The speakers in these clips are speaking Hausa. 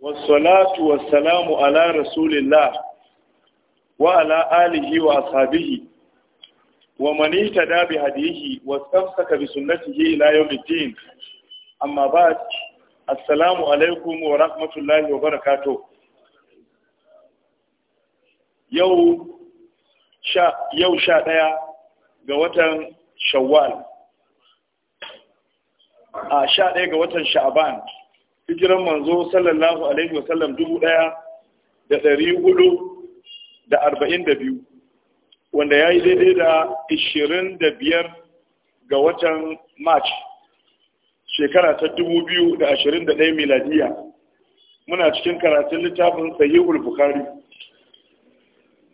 wasalatu wasalamu ala rasulillah wa ala alihi wa ashabihi wa man ihtada bi hadihi wa istamsaka bi sunnatihi ila yawm al-din amma ba'd assalamu alaikum wa rahmatullahi wa barakatuh yau sha ɗaya ga watan shawwal a sha ɗaya ga watan sha'aban hijiran manzo sallallahu alaihi wasallam dubu ɗaya da ɗari hudu da arba'in da biyu wanda ya yi daidai da ishirin da biyar ga watan march shekara ta dubu biyu da ashirin da ɗaya miladiya muna cikin karatun littafin sahihul bukari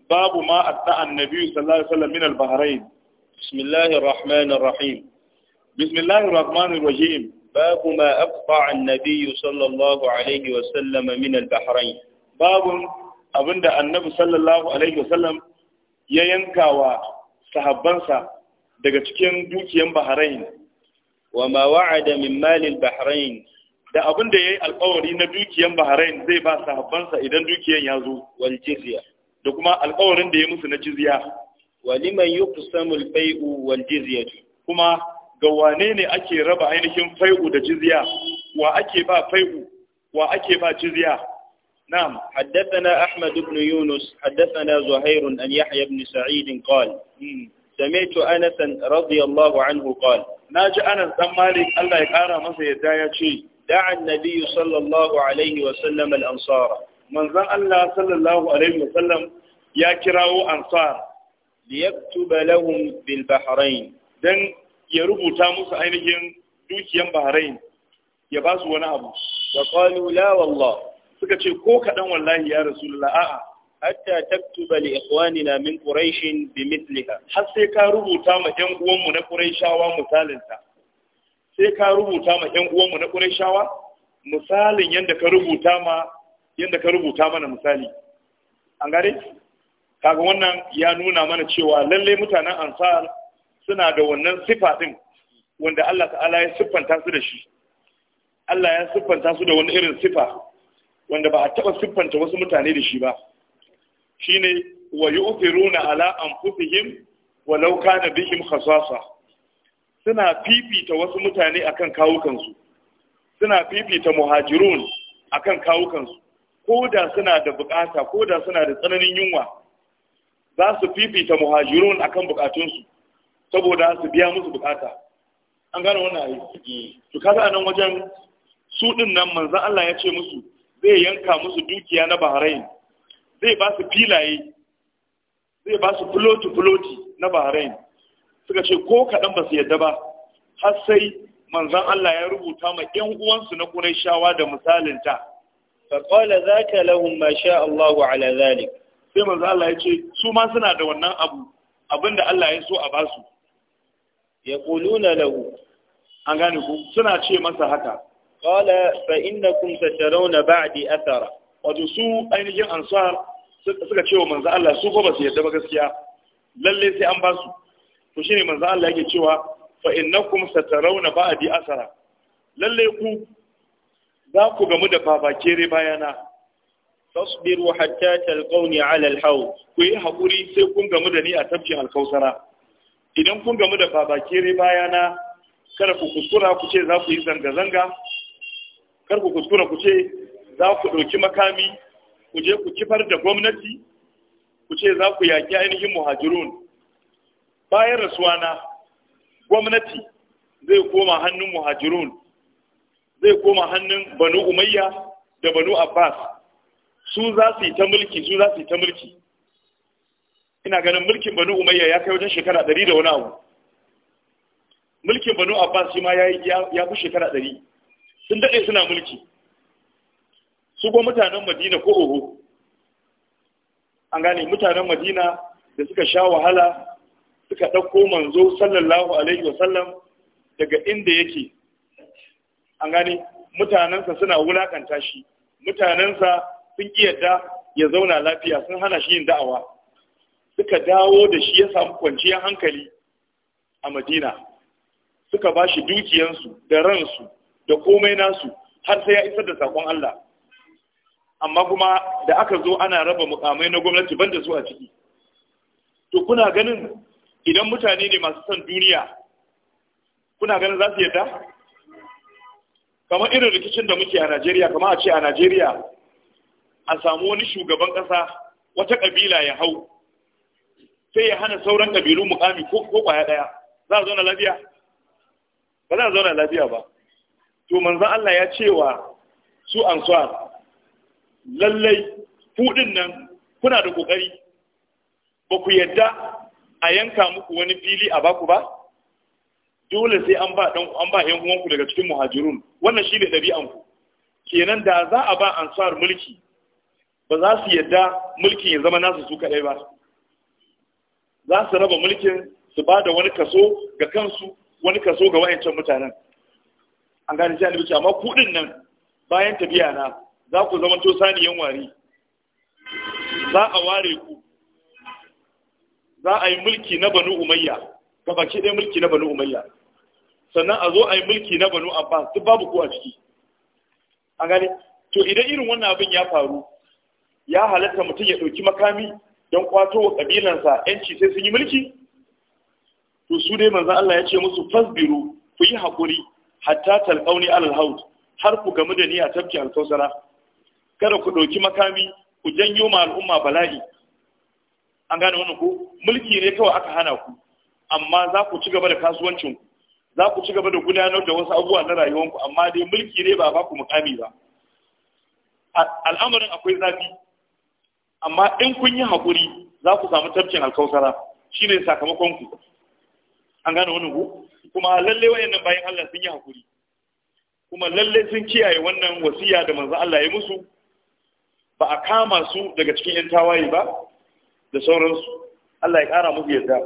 babu ma a ta'an nabi sallallahu alaihi wasallam min al-bahrain bismillahir rahmanir rahim بسم الله الرحمن الرحيم باب ما أقطع النبي صلى الله عليه وسلم من البحرين باب أبند النبي صلى الله عليه وسلم ينكا وصحبانسا daga cikin dukiyan Bahrain wa ma wa'ada min malil Bahrain da abin da yayi alƙawari na dukiyan Bahrain zai ba sahabbansa idan dukiyan ya zo wal jizya da kuma alƙawarin da ya musu na jizya wa liman yuqsamu al-bai'u wal jizyatu kuma ga wane ne ake raba ainihin fai'u da jizya wa ake ba fai'u wa ake ba jizya نعم حدثنا أحمد بن يونس حدثنا زهير أن يحيى بن سعيد قال سمعت أنسا رضي الله عنه قال ناجى أنس بن مالك الله يقارى ما سيدايا شيء دعا النبي صلى الله عليه وسلم الأنصار من ظن الله صلى الله عليه وسلم يا كراو أنصار ليكتب لهم بالبحرين دن ya rubuta musu ainihin dukiyan bahrain ya ba su wani abu wa qalu la wallah suka ce ko kadan wallahi ya rasulullah a'a hatta taktuba li ikhwanina min quraish bimithliha har sai ka rubuta ma yan uwan mu na quraishawa misalinta sai ka rubuta ma yan uwan mu na quraishawa misalin yanda ka rubuta ma yanda ka rubuta mana misali an gare kaga wannan ya nuna mana cewa lalle mutanen ansar suna da wannan sifa din wanda Allah ta'ala ya siffanta su da shi Allah ya siffanta su da wani irin sifa wanda ba a taɓa siffanta wasu mutane da shi ba shine wa yu'thiruna ala anfusihim walau kana bihim khasasa suna fifita wasu mutane akan kawukansu suna fifita muhajirun akan kawukansu ko da suna da bukata ko da suna da tsananin yunwa za su fifita muhajirun akan bukatunsu saboda su biya musu bukata an gane wannan ayi to kaga anan wajen su din nan manzo Allah ya ce musu zai yanka musu dukiya na Bahrain zai ba su filaye zai ba su floti floti na Bahrain suka ce ko kaɗan ba su yadda ba har sai manzon Allah ya rubuta ma ƴan uwansu na Qurayshawa da misalin ta fa qala zaka lahum ma sha Allahu ala zalik sai manzon Allah ya ce su ma suna da wannan abu abinda Allah ya so a basu ya na lahu an gane ku suna ce masa haka qala fa innakum satarawna ba'di athara wato su ainihin ansar suka cewa manzo Allah su ko ba su yarda ba gaskiya lalle sai an ba su to shine manzo Allah yake cewa fa innakum satarawna ba'di athara lalle ku za ku gamu da babakere bayana tasbiru hatta talqawni ala alhaw ku yi hakuri sai kun gamu da ni a tafkin alkausara idan kun gamu da babakere bayana kar ku kuskura ku ce za ku yi zanga-zanga kar ku kuskura ku ce za ku ɗauki makami ku je ku kifar da gwamnati ku ce za ku yaƙi ainihin muhajirun bayan rasuwa na, gwamnati zai koma hannun muhajirun zai koma hannun banu umayya da banu abbas su za su yi ta mulki su za su yi ta mulki ina ganin mulkin banu umayya ya kai wajen shekara ɗari da wani abu mulkin banu abbas shi ma ya fi shekara ɗari sun daɗe suna mulki su kuma mutanen madina ko oho an gane mutanen madina da suka sha wahala suka ɗauko manzo sallallahu alaihi wasallam daga inda yake an gane mutanensa suna wulakanta shi mutanensa sun ƙi yadda ya zauna lafiya sun hana shi yin da'awa suka dawo da shi ya samu kwanciyar hankali a madina suka ba shi dukiyansu da ransu da komai nasu har sai ya isar da saƙon Allah amma kuma da aka zo ana raba mukamai na gwamnati banda su a ciki to kuna ganin idan mutane ne masu son duniya kuna ganin za su yadda kamar irin rikicin da muke a Najeriya kamar a ce a Najeriya a samu wani shugaban ƙasa wata ƙabila ya hau sai ya hana sauran ƙabilu mukami ko ko kwaya ɗaya. za a zauna lafiya ba za a zauna lafiya ba to manzan Allah ya ce wa su ansar lallai kuɗin nan kuna da ƙoƙari ba ku yadda a yanka muku wani fili a baku ba dole sai an ba ɗan an ba ƴan uwanku daga cikin muhajirun wannan ne dabi'an ku kenan da za a ba ansar mulki ba za su yadda mulkin ya zama nasu su kaɗai ba za su raba mulkin su ba da wani kaso ga kansu wani kaso ga wayancan mutanen an gani sai annabi amma kuɗin nan bayan tafiya na za ku zama to saniyan wari za a ware ku za a yi mulki na banu umayya baki ɗaya mulki na banu umayya sannan a zo a yi mulki na banu abbas duk babu ku a ciki an gani. to idan irin wannan abin ya faru ya halatta mutum ya ɗauki makami don kwato wa kabilansa yanci sai sun yi mulki to su dai manzan Allah ya ce musu fasbiru ku yi haƙuri hatta talƙauni alal haut, har ku gamu da ni a tafki alkausara kada ku ɗauki makami ku janyo ma al'umma bala'i an gane wani ko mulki ne kawai aka hana ku amma za ku ci gaba da kasuwancinku za ku ci gaba da gudanar da wasu abubuwa na rayuwanku amma dai mulki ne ba ba ku mukami ba al'amarin akwai zafi amma in kun yi hakuri za ku samu tafkin alkausara shi ne sakamakon ku an gane wani ku kuma lalle wayannan bayan Allah sun yi hakuri. kuma lalle sun kiyaye wannan wasiya da manzo Allah ya musu ba a kama su daga cikin yan tawaye ba da sauransu Allah ya ƙara musu yadda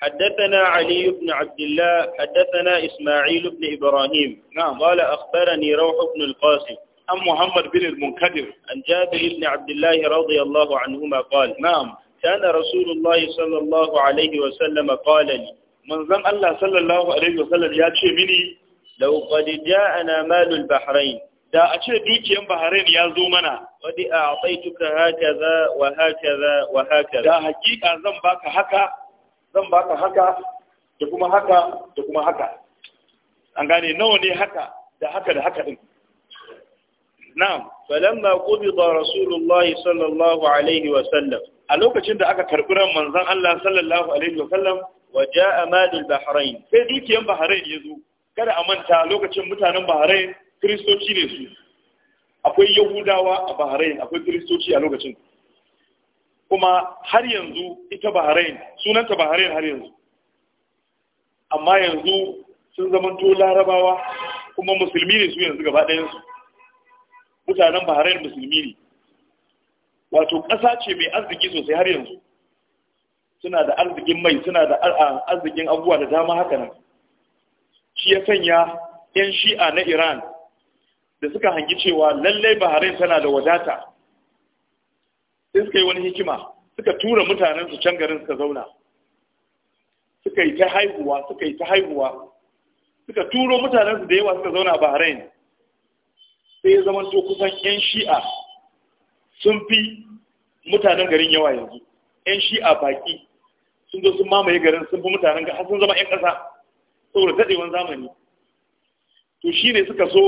حدثنا علي بن عبد الله حدثنا إسماعيل بن إبراهيم نعم قال أخبرني روح بن القاسم عن محمد بن المنكدر عن جابر بن عبد الله رضي الله عنهما قال نعم كان رسول الله صلى الله عليه وسلم قال لي من زم الله صلى الله عليه وسلم يا مني لو قد جاءنا مال البحرين da a ce dukiyan Bahrain ya zo mana wadi a aitaituka hakaza wa hakaza wa hakaza da hakika zan baka haka zan baka haka da kuma haka da kuma haka an gane nawa ne haka da haka da haka din na'am falamma qubida rasulullahi sallallahu alaihi wa sallam a lokacin da aka karbi ran manzon Allah sallallahu alaihi wa sallam wa jaa malul bahrain sai dukiyan bahrain zo, kada a manta lokacin mutanen bahrain kristoci ne su akwai yahudawa a bahrain akwai kristoci a lokacin kuma har yanzu ita bahrain sunanta bahrain har yanzu amma yanzu sun zamanto larabawa kuma musulmi ne su yanzu gaba ɗayansu mutanen bahrain musulmi ne wato ƙasa ce mai arziki sosai har yanzu suna da arzikin mai suna da arzikin abubuwa da dama haka nan shi ya sanya 'yan shi'a na iran da suka hangi cewa lallai bahrain tana da wadata sai suka yi wani hikima suka tura mutanen su can garin suka zauna suka yi ta haihuwa suka yi ta haihuwa suka turo mutanen su da yawa suka zauna a bahrain sai ya zama to kusan 'yan shi'a sun fi mutanen garin yawa yanzu 'yan shi'a baki sun zo sun mamaye garin sun fi mutanen ga sun zama 'yan ƙasa saboda daɗewan zamani to shi ne suka so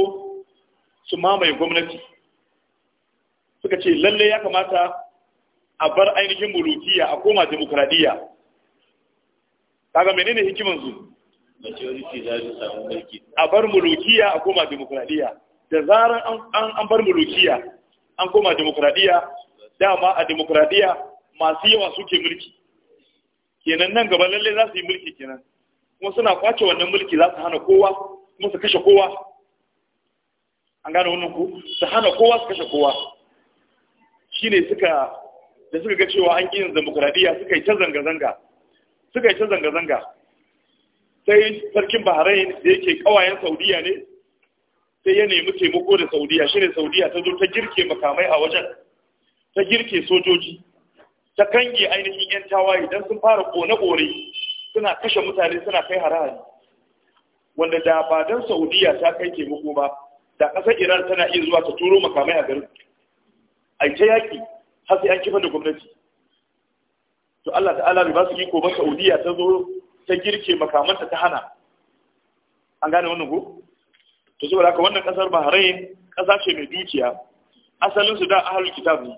su mamaye gwamnati suka ce lalle ya kamata a bar ainihin mulkiya a koma demokradiyya kaga menene hikimansu majority za su samu mulki a bar mulkiya a koma demokradiyya da zarar an bar mulukiya an koma demokradiya dama a demokradiya masu yawa suke mulki kenan nan gaba lalle za su yi mulki kenan kuma suna kwace wannan mulki za su hana kowa kuma su kashe kowa an gane wannan ku su hana kowa su kashe kowa shine suka da suka ga cewa an yin demokradiya suka yi ta zanga-zanga suka yi ta zanga-zanga sai sarkin bahrain da yake kawayen saudiya ne sai ya nemi taimako da saudiya shi ne saudiya ta zo ta girke makamai a wajen ta girke sojoji ta kange ainihin 'yan tawaye don sun fara kone kore suna kashe mutane suna kai harahari wanda da ba don saudiya ta kai taimako ba da ƙasar iran tana iya zuwa ta turo makamai a garin a ta yaƙi har sai an kifa da gwamnati to allah ta'ala bai ba su iko ba saudiya ta zo ta girke makamanta ta hana an gane wannan ko to saboda haka wannan kasar bahrain kasa ce mai dukiya asalin su da ahlul kitab ne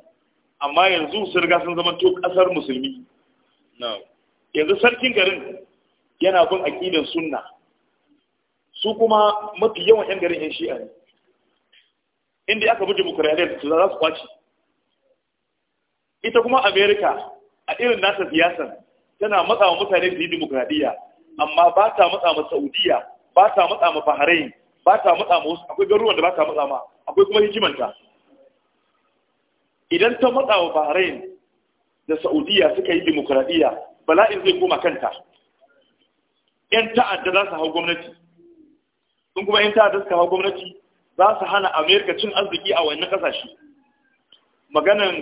amma yanzu sun riga sun zama to kasar musulmi yanzu sarkin garin yana bin aqidar sunna su kuma mafi yawan yan garin yan shi'a ne inda aka bi da za su kwaci ita kuma america a irin nasa siyasan tana matsa wa mutane su yi demokuraɗiyya amma ba ta matsa ma saudiya ba ta matsa ma bahrain ba ta matsa ma wasu akwai garuruwan da ba ta matsa ma akwai kuma hikimanta idan ta matsa wa bahrain da saudiya suka yi demokuraɗiyya bala'in zai koma kanta yan ta'adda za su hau gwamnati sun kuma yan ta'adda suka hau gwamnati za su hana amerika cin arziki a wannan ƙasashe maganan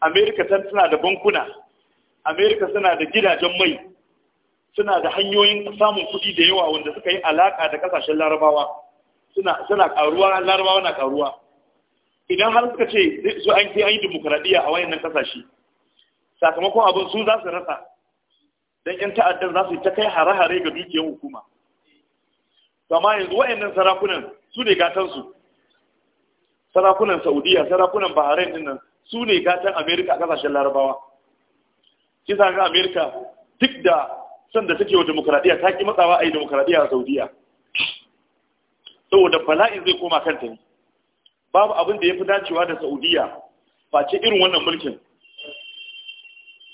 amerika tana da bankuna amerika suna da gidajen mai suna da hanyoyin samun kuɗi da yawa wanda suka yi alaƙa da ƙasashen larabawa suna ƙaruwa larabawa na ƙaruwa idan har suka ce su an yi an yi dimokuraɗiyya a wayannan ƙasashe sakamakon abin su za su rasa Dan yan ta'addan za su yi ta kai hare-hare ga dukiyar hukuma amma yanzu wayannan sarakunan su ne gatansu sarakunan saudiya sarakunan bahrain nan su ne gatan amerika a ƙasashen larabawa kisa ga america duk da son da take wa demokradiya ta ki matsawa a yi demokradiya a saudiya saboda bala'in zai koma kanta ne babu abin da ya fi dacewa da saudiya face irin wannan mulkin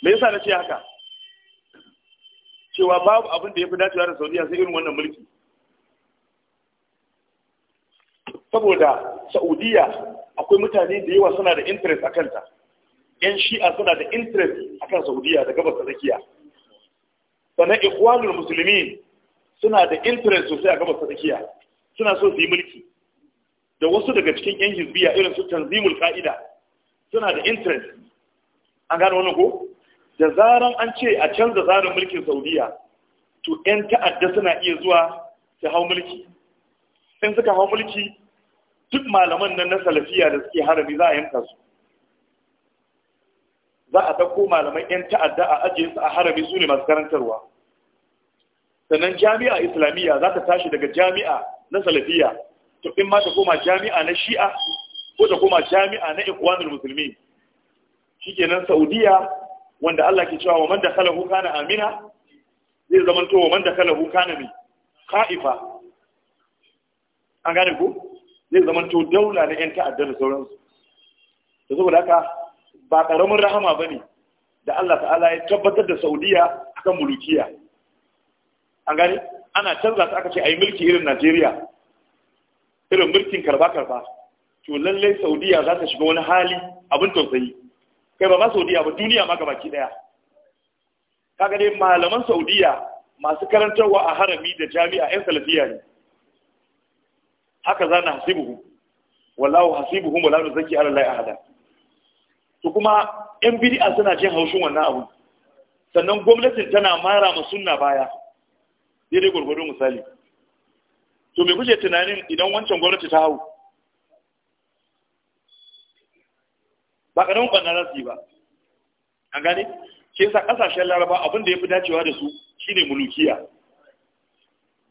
me yasa na ce haka cewa babu abin da ya fi dacewa da saudiya sai irin wannan mulki saboda saudiya akwai mutane da yawa suna da interest a kanta yan shi'a suna da interest a kan saudiya da gabas ta tsakiya sannan ikhwanul musulmin suna da interest sosai a gabas tsakiya suna so su yi mulki da wasu daga cikin yan hizbiya irin su tanzimul ka'ida suna da interest an gano wannan ko da zaran an ce a canza zarin mulkin saudiya to yan ta'adda suna iya zuwa su hau mulki in suka hau mulki duk malaman nan na salafiya da suke harami za a yanka su za a ɗauko malaman 'yan ta'adda a ajiye su a harami su ne masu karantarwa sannan jami'a islamiyya za ta tashi daga jami'a na salafiyya to in ma ta koma jami'a na shi'a ko ta koma jami'a na ikwanul musulmi Shi nan saudiya wanda Allah ke cewa wa man da huka kana amina zai zama to wa man da huka kana mi ka'ifa an gane ku zai zama to daula na 'yan ta'adda da sauransu da saboda haka ba ƙaramin rahama ba ne da Allah ta'ala ya tabbatar da saudiya kan mulukiya an gani ana canza ta aka ce a yi mulki irin najeriya irin mulkin karba-karba to lallai saudiya za ta shiga wani hali abin tausayi kai ba ma saudiya ba duniya ma gabaki daya kaga dai malaman saudiya masu karantarwa a harami da jami'a 'yan salafiya ne haka za na hasibuhu wallahu hasibuhu wallahu zaki ala lai ahada to kuma yan bid'a suna jin haushin wannan abu sannan gwamnatin tana mara ma sunna baya daidai gwargwado misali to me kuke tunanin idan wancan gwamnati ta hau ba ƙaramin ɓanna za yi ba an gane ke sa ƙasashen laraba abin da ya fi dacewa da su shine mulukiya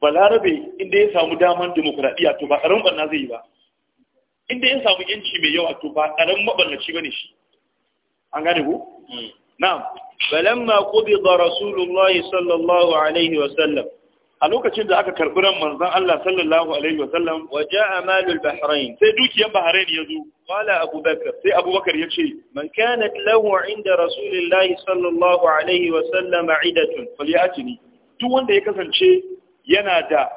balarabe inda ya samu daman demokuraɗiyya to ba ƙaramin ɓanna zai yi ba inda ya samu yanci mai yawa to ba ƙaramin maɓannaci ba ne shi an gane ku hmm. na'am balamma qubida rasulullahi sallallahu alaihi wa sallam a lokacin da aka karbi ran manzon Allah sallallahu alaihi wa sallam wa jaa malul bahrain sai dukiyar bahrain yazo qala abubakar sai abubakar yace man kanat lahu inda rasulillahi sallallahu alaihi wa sallam idatun falyatini duk wanda ya kasance yana da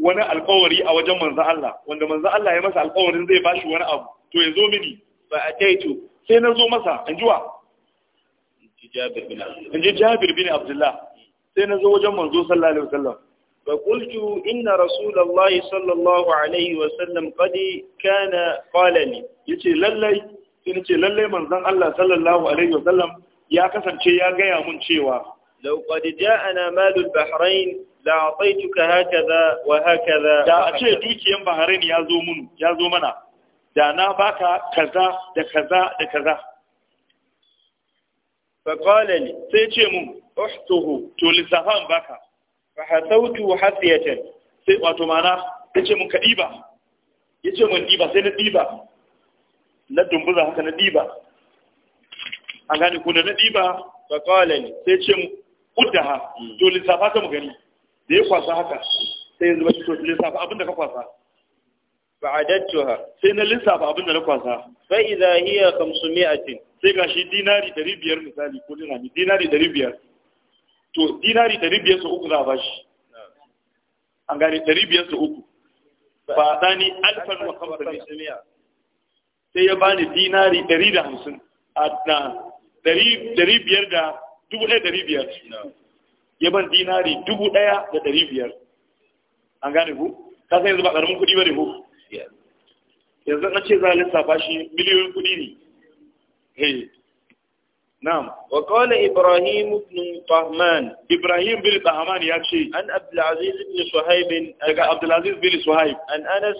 wani alƙawari a wajen manzon Allah wanda manzon Allah ya masa alƙawarin zai bashi wani abu to yazo mini fa ataitu sai na zo masa ji wa? in ji jabir bin abdullah sai na zo wajen manzo sallallahu alaihi wasallam fa inna rasulullahi sallallahu alaihi wasallam qad kana qala li yace lallai sai nace lallai manzon Allah sallallahu alaihi wasallam ya kasance ya gaya mun cewa law qad ja'ana malul bahrain la wa hakaza da a ce dukiyan bahrain ya zo mana da na baka kaza da kaza da kaza faƙala ne sai ce mun ohtuhu to lissafan baka fa hasautu hasiyatan sai wato mana ya ce mun ka ɗiba ya ce mun ɗiba sai na ɗiba na dumbuza haka na ɗiba an gani ku da na ɗiba faƙala ne sai ce mun ha hmm. to lissafa ka mu gani da ya kwasa haka sai ya ba shi to lissafa abinda ka kwasa fa'adattuha sai na lissafa abin da na kwasa fa idza hiya 500 sai gashi dinari 500 misali ko dirhami dinari 500 to dinari 500 su uku a bashi an gane 500 su uku fa dani alfan wa sai ya bani dinari 150 adna 500 da 1500 ya ban dinari 1500 an gane ku ka yanzu ba karamin kuɗi ba ne ko lafiya yanzu an ce za a lissafa shi miliyoyin kudi ne hey na'am wa qala ibrahim ibn tahman ibrahim bin tahman ya ce an abdulaziz ibn suhayb daga abdulaziz bin suhayb an anas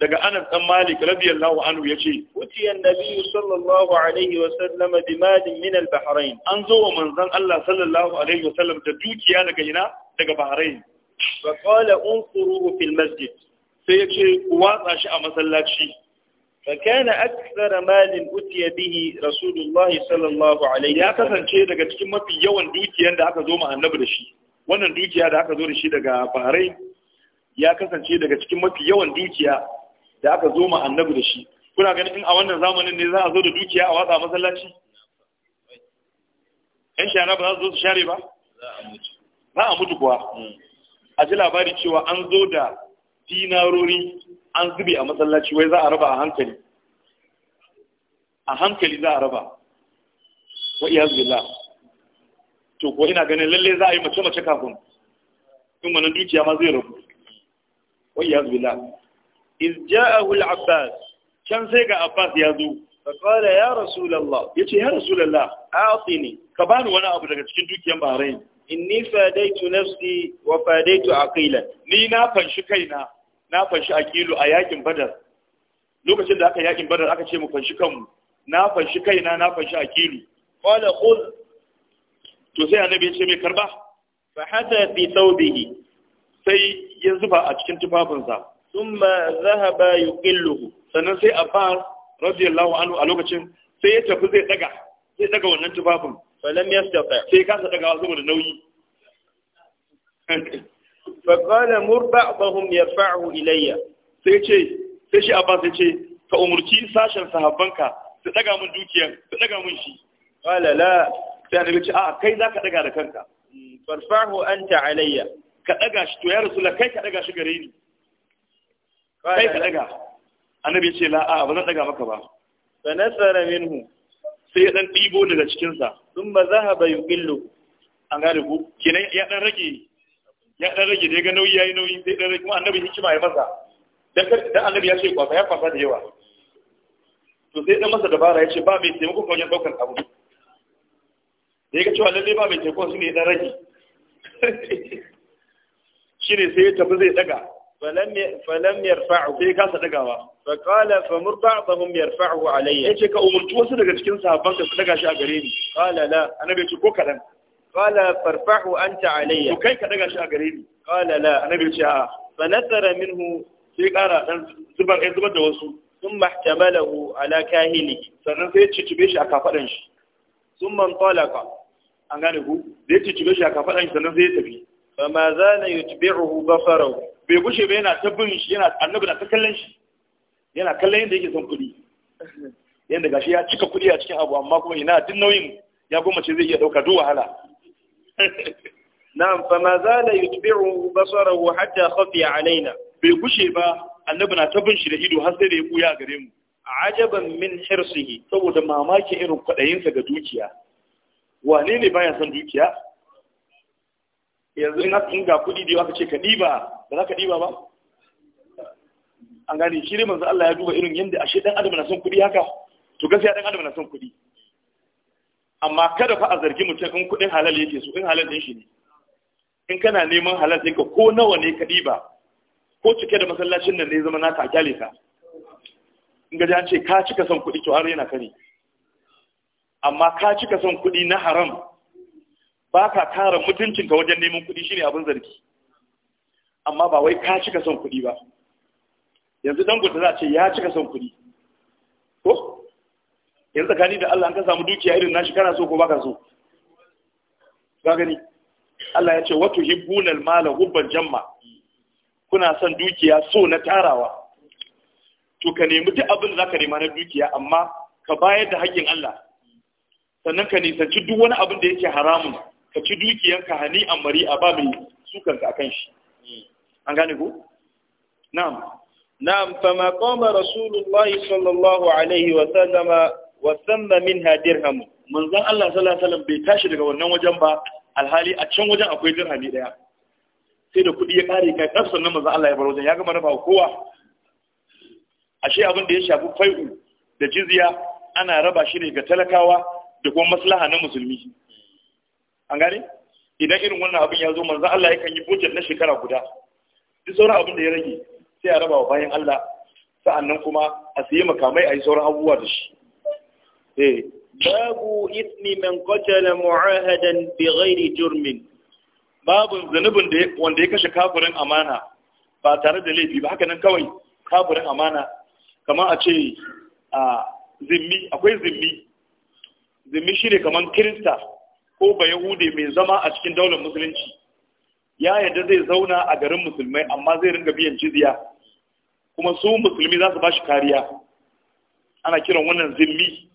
daga anas dan malik radiyallahu anhu ya ce wuti annabi sallallahu alaihi wa sallam dimad min al bahrain an zo manzon allah sallallahu alaihi wa sallam da dukiya daga ina daga bahrain wa qala unquru masjid sai ya ce watsa shi a masallaci فكان أكثر مال أتي به رسول الله صلى ya kasance daga cikin mafi yawan dukiyar da aka zo ma annabi da shi wannan dukiya da aka zo da shi daga Bahrain ya kasance daga cikin mafi yawan dukiya da aka zo ma annabi da shi kuna ganin in a wannan zamanin ne za a zo da dukiya a watsa masallaci yan shara ba za su zo su share ba za a mutu kuwa hmm. a ji labari cewa an zo da dinarori an zube a masallaci wai za a raba a hankali a hankali za a raba wa iya zula to ko ina ganin lalle za a yi mace-mace kafin in wani dukiya ma zai rabu wa iya zubila iz ja'ahu al-abbas can sai ga abbas ya zo fa qala ya rasulullah yace ya rasulullah a'tini ka bani wani abu daga cikin dukiyan bahrain inni fadaitu nafsi wa fadaitu aqila ni na fanshi kaina na fanshi kilo a yakin badar lokacin da aka yakin badar aka ce mu fanshi kanmu na fanshi kaina na fanshi kilo qala khudh to sai annabi ya ce mai karba fa hada fi thawbihi sai ya zuba a cikin tufafinsa thumma dhahaba yuqilluhu sannan sai afar radiyallahu anhu a lokacin sai ya tafi zai daga zai daga wannan tufafin lam yastata sai kasa daga saboda nauyi faƙala murba bahum ya fa'ahu ilayya sai ce sai shi abba sai ce ka umurci sashen sahabbanka su daga mun dukiyar su daga mun shi qala la sai annabi ce a kai za ka daga da kanka farfahu an ta alayya ka daga shi to ya rasu rasulullah kai ka daga shi gare ni kai ka daga annabi ce la a ba zan daga maka ba fa nasara minhu sai ya dan ɗibo daga cikinsa. cikin sa thumma zahaba yuqillu an gane ku kenan ya dan rage ya ɗan rage da ya ga nauyi ya yi nauyi sai dan rage kuma annabi hikima ya masa dan annabi ya ce kwafa ya kwafa da yawa to sai dan masa dabara ya ce ba mai taimakon ko wajen daukar abu da ya ga cewa lalle ba mai taimakon taimako shine dan rage Shi ne sai ya tafi zai daga falam falam yarfa'u sai kasa dagawa fa qala fa miyar ba'dahum yarfa'u alayya Ya ce ka umurtu wasu daga cikin sahabban ka su daga shi a gare ni qala la annabi ce ko kadan farfahu an anta alayya kai ka daga shi a gare ni qala la annabi ce a fa nasara minhu sai kara dan zubar ai zubar da wasu Sun ihtamalahu ala kahili sannan sai ya cicibe shi a kafaɗan shi thumma ka. an gane ku da ya cicibe shi a kafaɗan shi sannan sai ya tafi fa ma zala ba farau. bai gushe ba yana ta bin shi yana annabi na ta kallon shi yana kallon yadda yake son kuɗi yadda gashi ya cika kuɗi a cikin abu amma kuma ina duk nauyin ya goma ce zai iya ɗauka duk wahala na'am fa ma zala yutbi'u basarahu hatta a alaina bai gushe ba annabi na ta shi da ido har sai da ya buya gare mu ajaban min hirsihi saboda mamaki irin kwaɗayinsa ga dukiya wane ne baya son dukiya yanzu in ga kuɗi da aka ce ka ɗiba ba za ka ɗiba ba an gane shi ne manzo Allah ya duba irin yadda ashe dan adam na son kuɗi haka to gaskiya dan adam na son kuɗi amma kada fa a zargi mutum in kuɗin halal yake su in halal ɗin shi ne in kana neman halal ka ko nawa ne ka ɗiba ko cike da masallacin nan ne zama naka a kyale ka in ga an ce ka cika son kuɗi to har yana kare amma ka cika son kuɗi na haram baka ka mutuncin ka wajen neman kuɗi shine abin zargi amma ba wai ka cika son kuɗi ba yanzu dangote za ce ya cika son kuɗi ko yanzu tsakani da Allah an ka samu dukiya irin nashi kana so ko baka so ga gani Allah ya ce wato hibbunal mala hubban jamma kuna son dukiya so na tarawa to ka nemi duk abin da zaka nema na dukiya amma ka bayar da haƙƙin Allah sannan ka nisanci duk wani abin da yake haramun ka ci ka hani a mari a ba mai ka akan shi an gane ko na'am na'am fa ma qama rasulullahi sallallahu alaihi wa sallama wasanna min hadirham manzon Allah sallallahu alaihi wasallam bai tashi daga wannan wajen ba alhali a can wajen akwai dirhami daya sai da kuɗi ya kare kai kar nan manzon Allah ya bar wajen ya gama raba kowa ashe abin da ya shafi fai'u da jizya ana raba shi ne ga talakawa da kuma maslaha na musulmi an gane idan irin wannan abin ya zo manzon Allah yakan yi budget na shekara guda duk sauran abin da ya rage sai a raba wa bayan Allah sa'annan kuma a siye makamai a yi sauran abubuwa da shi Eh. babu ismi man qatala mu'ahadan bi ghairi jurmin babu zanubin da wanda ya kashe kafirin amana ba tare da laifi ba haka nan kawai kafirin amana kamar a ce a zimmi akwai zimmi zimmi shine kamar kirista ko ba yahude mai zama a cikin daular musulunci ya yadda zai zauna a garin musulmai amma zai ringa biyan jizya kuma su musulmi za su ba shi kariya ana kiran wannan zimmi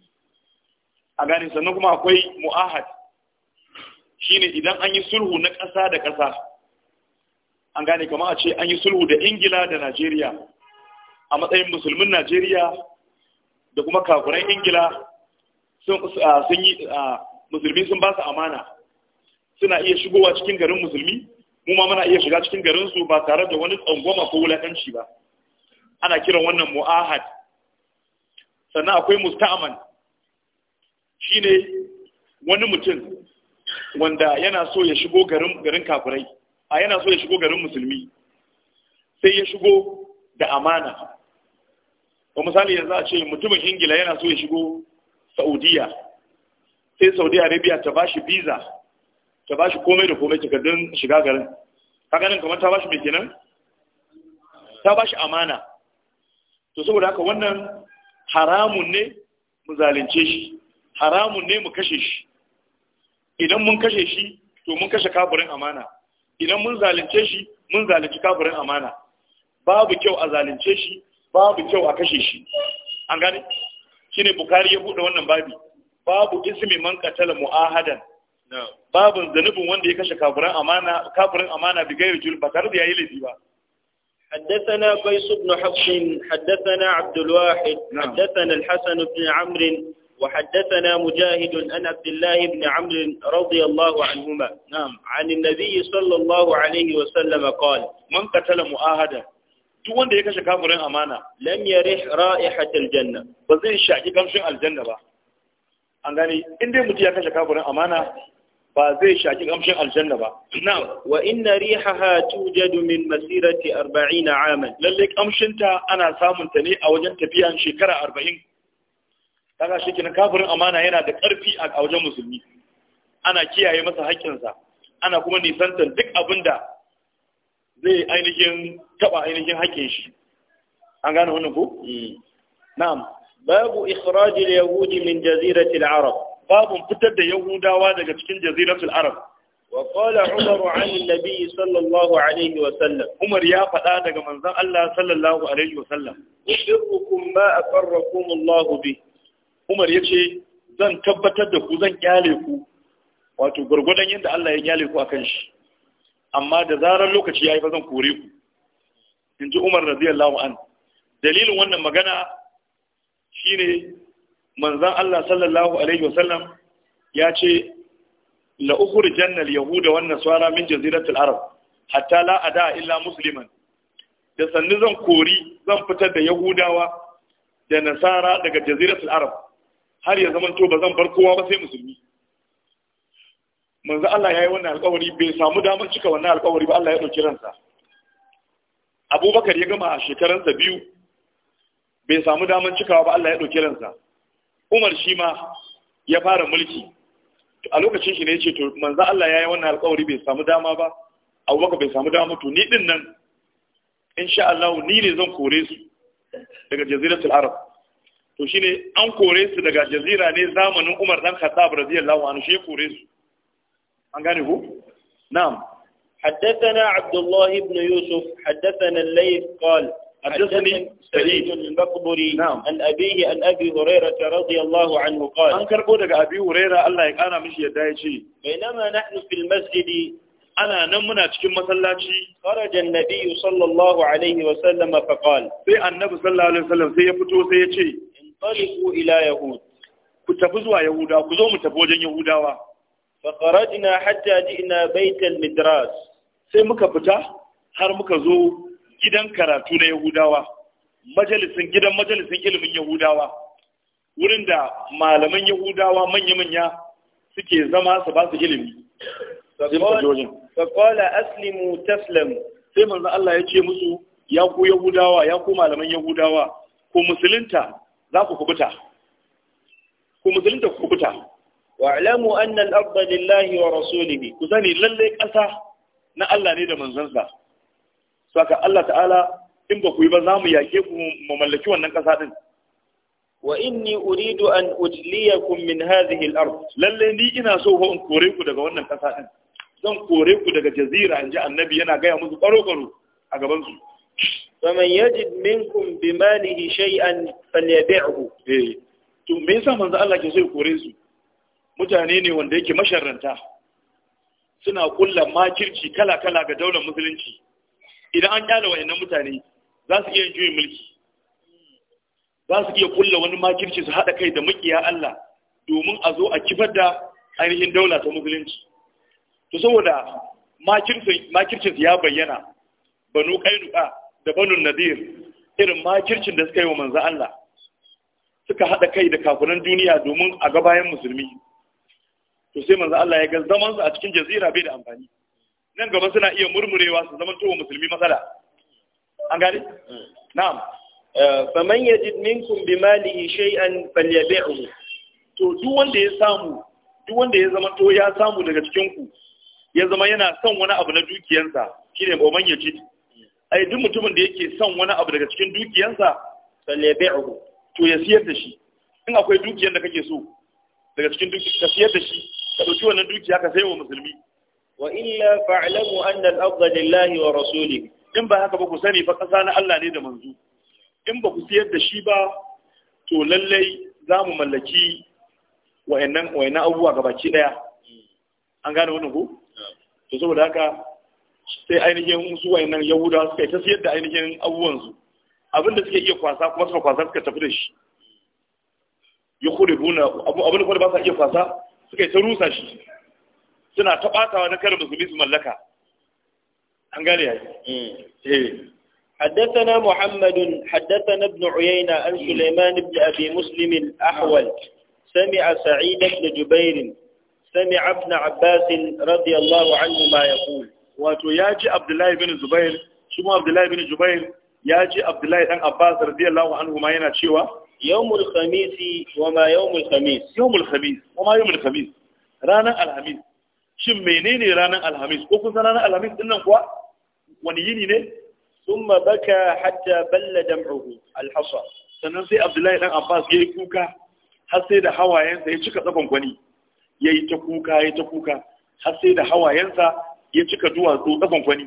a gane sannan kuma akwai mu'ahad shine idan an yi sulhu na ƙasa da ƙasa an gane kama a ce an yi sulhu da ingila da najeriya a matsayin musulmin najeriya da kuma kakuran ingila sun yi musulmi sun ba su amana suna iya shigowa cikin garin musulmi mu ma muna iya shiga cikin garinsu ba tare da wani tsangwama ko wulaƙanci ba ana kiran wannan mu'ahad sannan akwai musta'aman shine wani mutum wanda yana so ya shigo garin garin kafirai a yana so ya shigo garin musulmi sai ya shigo da amana ba misali yanzu a ce mutumin ingila yana so ya shigo saudiya sai saudi arabia ta bashi visa ta bashi komai da komai takardun shiga garin kaga nan kamar ta bashi mai kenan ta bashi amana to saboda haka wannan haramun ne mu zalunce shi haramun ne mu kashe shi idan mun kashe shi to mun kashe kafirin amana idan mun zalunce shi mun zalunci kafirin amana babu kyau a zalunce shi babu kyau a kashe shi an gane shine bukari ya bude wannan babi babu ismi man qatala muahadan babu zanubin wanda ya kashe kafirin amana kafirin amana bi gairi jul ba tare da yayi laifi ba حدثنا قيس بن حفص حدثنا عبد الواحد حدثنا الحسن بن عمرو وحدثنا مجاهد عن عبد الله بن عمرو رضي الله عنهما نعم عن النبي صلى الله عليه وسلم قال من قتل مؤاهدا duk wanda ya kashe kafirin amana lam yarih ra'ihatal janna ba zai shaki kamshin aljanna ba an gani in mutum ya kashe kafirin amana ba zai shaki kamshin aljanna ba na'am wa inna rihaha tujadu min masirati 40 aman lalle kamshin ta ana samun ne a wajen tafiya shekara 40 kaga shi kenan kafirin amana yana da ƙarfi a wajen musulmi ana kiyaye masa haƙƙinsa ana kuma nisantar duk abinda zai ainihin taɓa ainihin haƙƙin shi an gane wannan ko mm. na'am babu ikhraj al-yahud min jaziratil arab babu fitar da yahudawa daga cikin jazirat arab wa qala umar an an-nabi sallallahu alaihi wa sallam umar ya faɗa daga manzon Allah sallallahu alaihi wa sallam yushirrukum ma aqarrakum Allah bihi Umar ya ce zan tabbatar da ku zan kyale ku wato gwargwadon yadda Allah ya kyale ku a kan shi amma da zarar lokaci ya yi fa zan kore ku in ji Umar radiyallahu an dalilin wannan magana shine manzon Allah sallallahu alaihi wasallam ya ce la ukhrijanna jannal yahuda wan nasara min jaziratil arab hatta la ada illa musliman da sannu zan kori zan fitar da yahudawa da nasara daga jaziratul arab har ya zama to ba zan bar kowa ba sai musulmi manzo Allah ya yi wannan alƙawari bai samu damar cika wannan alƙawari? ba Allah ya ɗauki ransa abubakar ya gama a shekaransa biyu bai samu damar cikawa ba Allah ya ɗauki ransa umar shi ma ya fara mulki a lokacin shi ne ya ce to manzo Allah ya yi wannan alƙawari bai samu dama ba abubakar bai samu dama to ni din nan insha Allah ni ne zan kore su daga jaziratul arab to shine an kore su daga jazira ne zamanin Umar dan Khattab radiyallahu anhu shi kore su an gane ku na'am حدثنا عبد الله بن يوسف حدثنا الليث قال حدثني سعيد المقبري نعم عن أبيه عن أبي هريرة رضي الله عنه قال أنكر قولك أبي هريرة الله أنا مش يدايشي بينما نحن في المسجد أنا نمنا تكون مسلاتي خرج النبي صلى الله عليه وسلم فقال في النبي صلى الله عليه وسلم سيفتو سيتي intaliqu ila yahud ku tafi zuwa yahuda ku zo mu tafi wajen yahudawa fa kharajna hatta ji'na baital midras sai muka fita har muka zo gidan karatu na yahudawa majalisin gidan majalisin ilimin yahudawa wurin da malaman yahudawa manya-manya suke zama su ba su ilimi faƙola aslimu taslam sai manzo Allah ya ce musu ya ku yahudawa ya ku malaman yahudawa ku musulunta za ku kubuta ku musulunta ku kubuta wa'lamu anna al-ardha lillahi wa rasulihi ku sani lallai ƙasa na Allah ne da manzansa saka Allah ta'ala in ba ku yi ba za mu yake ku mu mallaki wannan ƙasa din wa inni uridu an ujliyakum min hadhihi al-ard lallai ni ina so in kore ku daga wannan ƙasa din zan kore ku daga jazira inji annabi yana gaya musu karo karo a gaban su faman yajid minkum bi malihi shay'an falyabi'hu eh to me Allah ke so ya kore su mutane ne wanda yake masharranta suna kulla makirci kala-kala ga daular musulunci idan an kyala wa'annan mutane za su iya juyin mulki za su iya kulla wani makirci su haɗa kai da makiya Allah domin a zo a kifar da ainihin daula ta musulunci to saboda su ya bayyana banu kainuka da banun nadir irin makircin da suka yi wa manzo Allah suka haɗa kai da kafiran duniya domin a ga bayan musulmi to sai manzo Allah ya ga zaman su a cikin jazira bai da amfani nan gaba suna iya murmurewa su zaman to musulmi matsala an gane na'am eh, man yajid minkum bimalihi shay'an falyabi'hu to duk wanda ya samu duk wanda ya zama to ya samu daga cikin ku ya zama yana son wani abu na dukiyansa shine man yajid ai duk mutumin da yake son wani abu daga cikin dukiyansa falyab'u to ya siyar da shi in akwai dukiyar da kake so daga cikin dukiya ka siyar da shi ka dauki wannan dukiya ka sayo musulmi wa illa fa'lamu anna al afdha lillahi wa rasulih in ba haka ba ku sani fa kasa na Allah ne da manzo in ba ku siyar da shi ba to lallai za mu mallaki wayannan wayannan abubuwa gabaki daya an gane wannan ko to saboda haka sai ainihin su wayannan yahuda suka yi ta siyar da ainihin abubuwansu abinda suke iya kwasa kuma suka kwasa suka tafi da shi ya kure buna abin da ba sa iya kwasa suka yi ta rusa shi suna ta ɓatawa na karin musulmi su mallaka an gane yayi حدثنا محمد حدثنا ابن عيينة عن سليمان بن أبي مسلم الأحول سمع سعيد بن جبير سمع ابن عباس رضي الله عنهما يقول wato ya ji abdullahi bin zubair shi kuma abdullahi bin zubair ya ji abdullahi dan abbas radiyallahu anhu ma yana cewa yawmul khamis wa ma yawmul khamis yawmul khamis wa ma yawmul khamis ranar alhamis shin menene ranar alhamis ko kun san ranar alhamis din nan kuwa wani yini ne thumma baka hatta balla dam'uhu alhasa sannan sai abdullahi dan abbas yayi kuka har sai da hawayensa ya cika tsakon kwani yayi ta kuka yayi ta kuka har sai da hawayensa ya cika duwatsu ɗagon kwani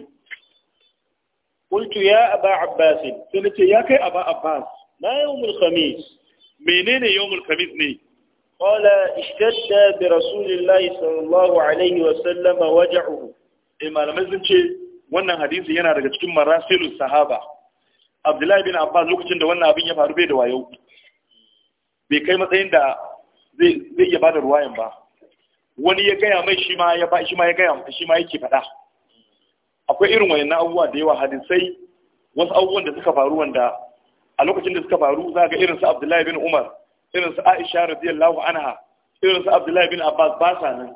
qultu ya aba abbas sai ce ya kai aba abbas ma yawmul khamis menene yawmul khamis ne Kola ishtadda bi rasulillahi sallallahu alaihi wa sallama waj'uhu eh malamai sun ce wannan hadisi yana daga cikin marasilun sahaba abdullahi bin abbas lokacin da wannan abin ya faru bai da wayo bai kai matsayin da zai iya bada ruwayan ba wani ya gaya mai shi ma ya ba shi ma ya gaya shi ma yake faɗa akwai irin wayanna abubuwa da yawa hadisai wasu abubuwan da suka faru wanda a lokacin da suka faru za ga irin su Abdullahi bin Umar irin su Aisha radiyallahu anha irin su Abdullahi bin Abbas ba sa nan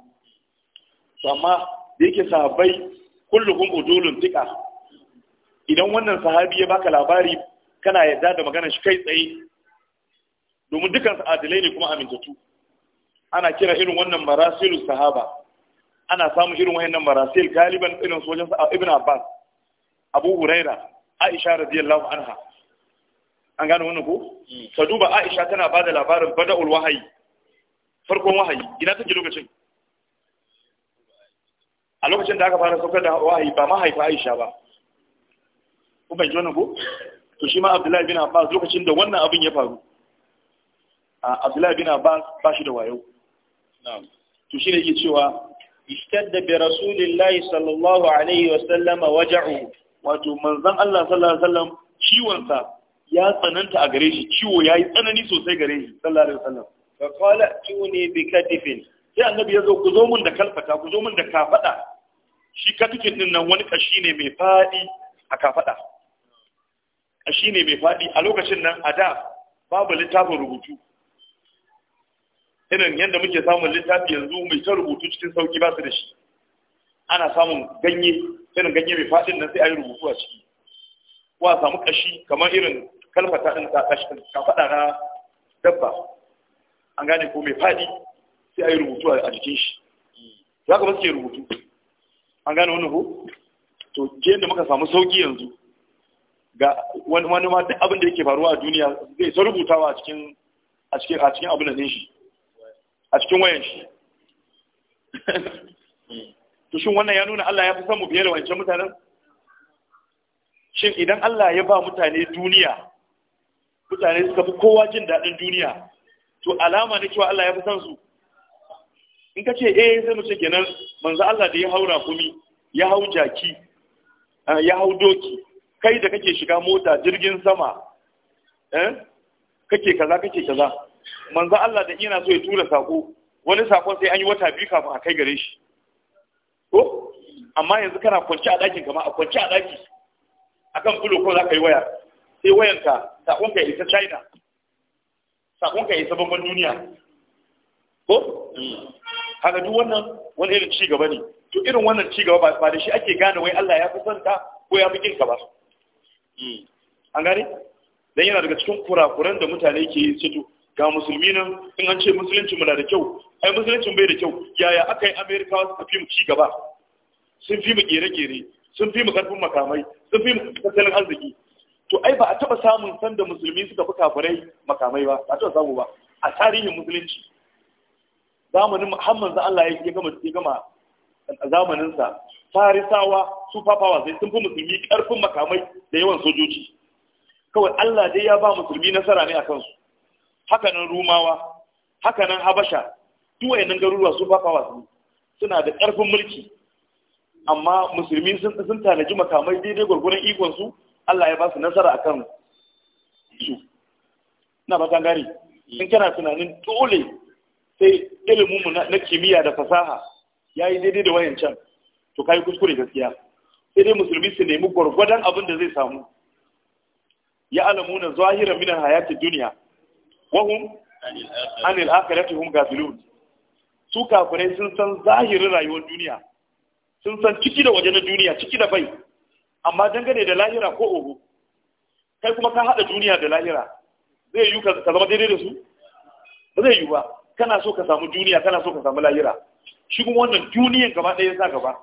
to amma da yake sahabbai kulluhum udulun tika idan wannan sahabi ya baka labari kana yadda da magana shi kai tsaye domin dukansu adilai ne kuma amintattu ana kira irin wannan marasilu sahaba ana samun irin wannan marasil galiban irin sojan ibn abbas abu huraira aisha radiyallahu anha an gane wannan ko mm. ka duba aisha tana bada labarin bada'ul wahayi farkon wahayi ina take lokacin a lokacin da aka fara saukar da wahayi ba mahaifa aisha ba kuma ji wannan ko to shi ma abdullahi bin abbas lokacin da wannan abin ya faru abdullahi bin abbas ba shi da wayo to shi ne yake cewa istadda bi rasulillahi sallallahu alaihi wa sallam waja'u wato manzon Allah sallallahu alaihi sallam ciwon sa ya tsananta a gare shi ciwo yayi tsanani sosai gare shi sallallahu alaihi wa sallam. fa qala tuni bi katifin sai annabi yazo ku zo mun da kalfata ku zo mun da kafada shi katifin din nan wani kashi ne mai fadi a kafada kashi ne mai fadi a lokacin nan a da babu littafin rubutu irin yadda muke samun littafi yanzu mai ta rubutu cikin sauki ba su da shi ana samun ganye irin ganye mai faɗin nan sai a yi rubutu a ciki ko a samu ƙashi kamar irin kalfata ɗin ka faɗa na dabba an gane ko mai faɗi sai a yi rubutu a jikin shi za ka ba suke rubutu an gane wani ko to ke yadda muka samu sauki yanzu ga wani ma duk abin da yake faruwa a duniya zai ta rubutawa a cikin a cikin abin da shi a cikin wayan shi to shin wannan ya nuna Allah ya fi san mu fiye da wancan mutanen shin idan Allah ya ba mutane duniya mutane suka fi kowa jin daɗin duniya to alama ne cewa Allah ya fi san su in ka ce eh sai mu ce kenan manzo Allah da ya haura kumi ya hau jaki eh, ya hau doki kai da kake shiga mota jirgin sama eh kake kaza kake kaza manzo Allah da yana so ya tura sako wani sakon sai an yi wata biyu kafin a kai gare shi ko amma yanzu kana kwanci a ɗakin kama a kwanci a ɗaki akan bulo ko za ka yi waya sai wayanka sakon ka isa China sakon ka isa babban duniya ko haka duk wannan wani irin ci gaba ne to irin wannan ci gaba ba da shi ake gane wai Allah ya fi son ka ko ya fi kin ka ba an gane dan yana daga cikin kurakuran da mutane ke yi su ga musulmi nan in an ce musulunci muna da kyau ai musuluncin bai da kyau yaya aka yi amerika wasu tafi mu ci gaba sun fi mu gere-gere, sun fi mu karfin makamai sun fi mu tattalin arziki to ai ba a taba samun sanda musulmi suka fi kafirai makamai ba ba taba samu ba a tarihin musulunci zamanin muhammad za Allah ya gama ya gama zamaninsa farisawa su fafawa sai sun fi musulmi karfin makamai da yawan sojoji kawai Allah dai ya ba musulmi nasara ne a kansu hakanan rumawa hakanan habasha duwayen nan garuruwa su fafa su suna da ƙarfin mulki amma musulmi sun tanaji makamai daidai ikon ikonsu allah ya ba su nasara a kan su na ba gari in kana tunanin dole sai iliminmu na kimiyya da fasaha yayi daidai da wayan can to kai kuskure gaskiya sai dai musulmi su nemi gurgurun abin da zai samu ya alamuna zahira minan hayatin duniya wahum anil akhirati hum gafilun su kafirai sun san zahirin rayuwar duniya sun san ciki da waje na duniya ciki da bai amma dangane da lahira ko oho kai kuma ka hada duniya da lahira zai yi ka zama daidai da su ba zai yi ba kana so ka samu duniya kana so ka samu lahira shi kuma wannan duniyan gaba ɗaya sa gaba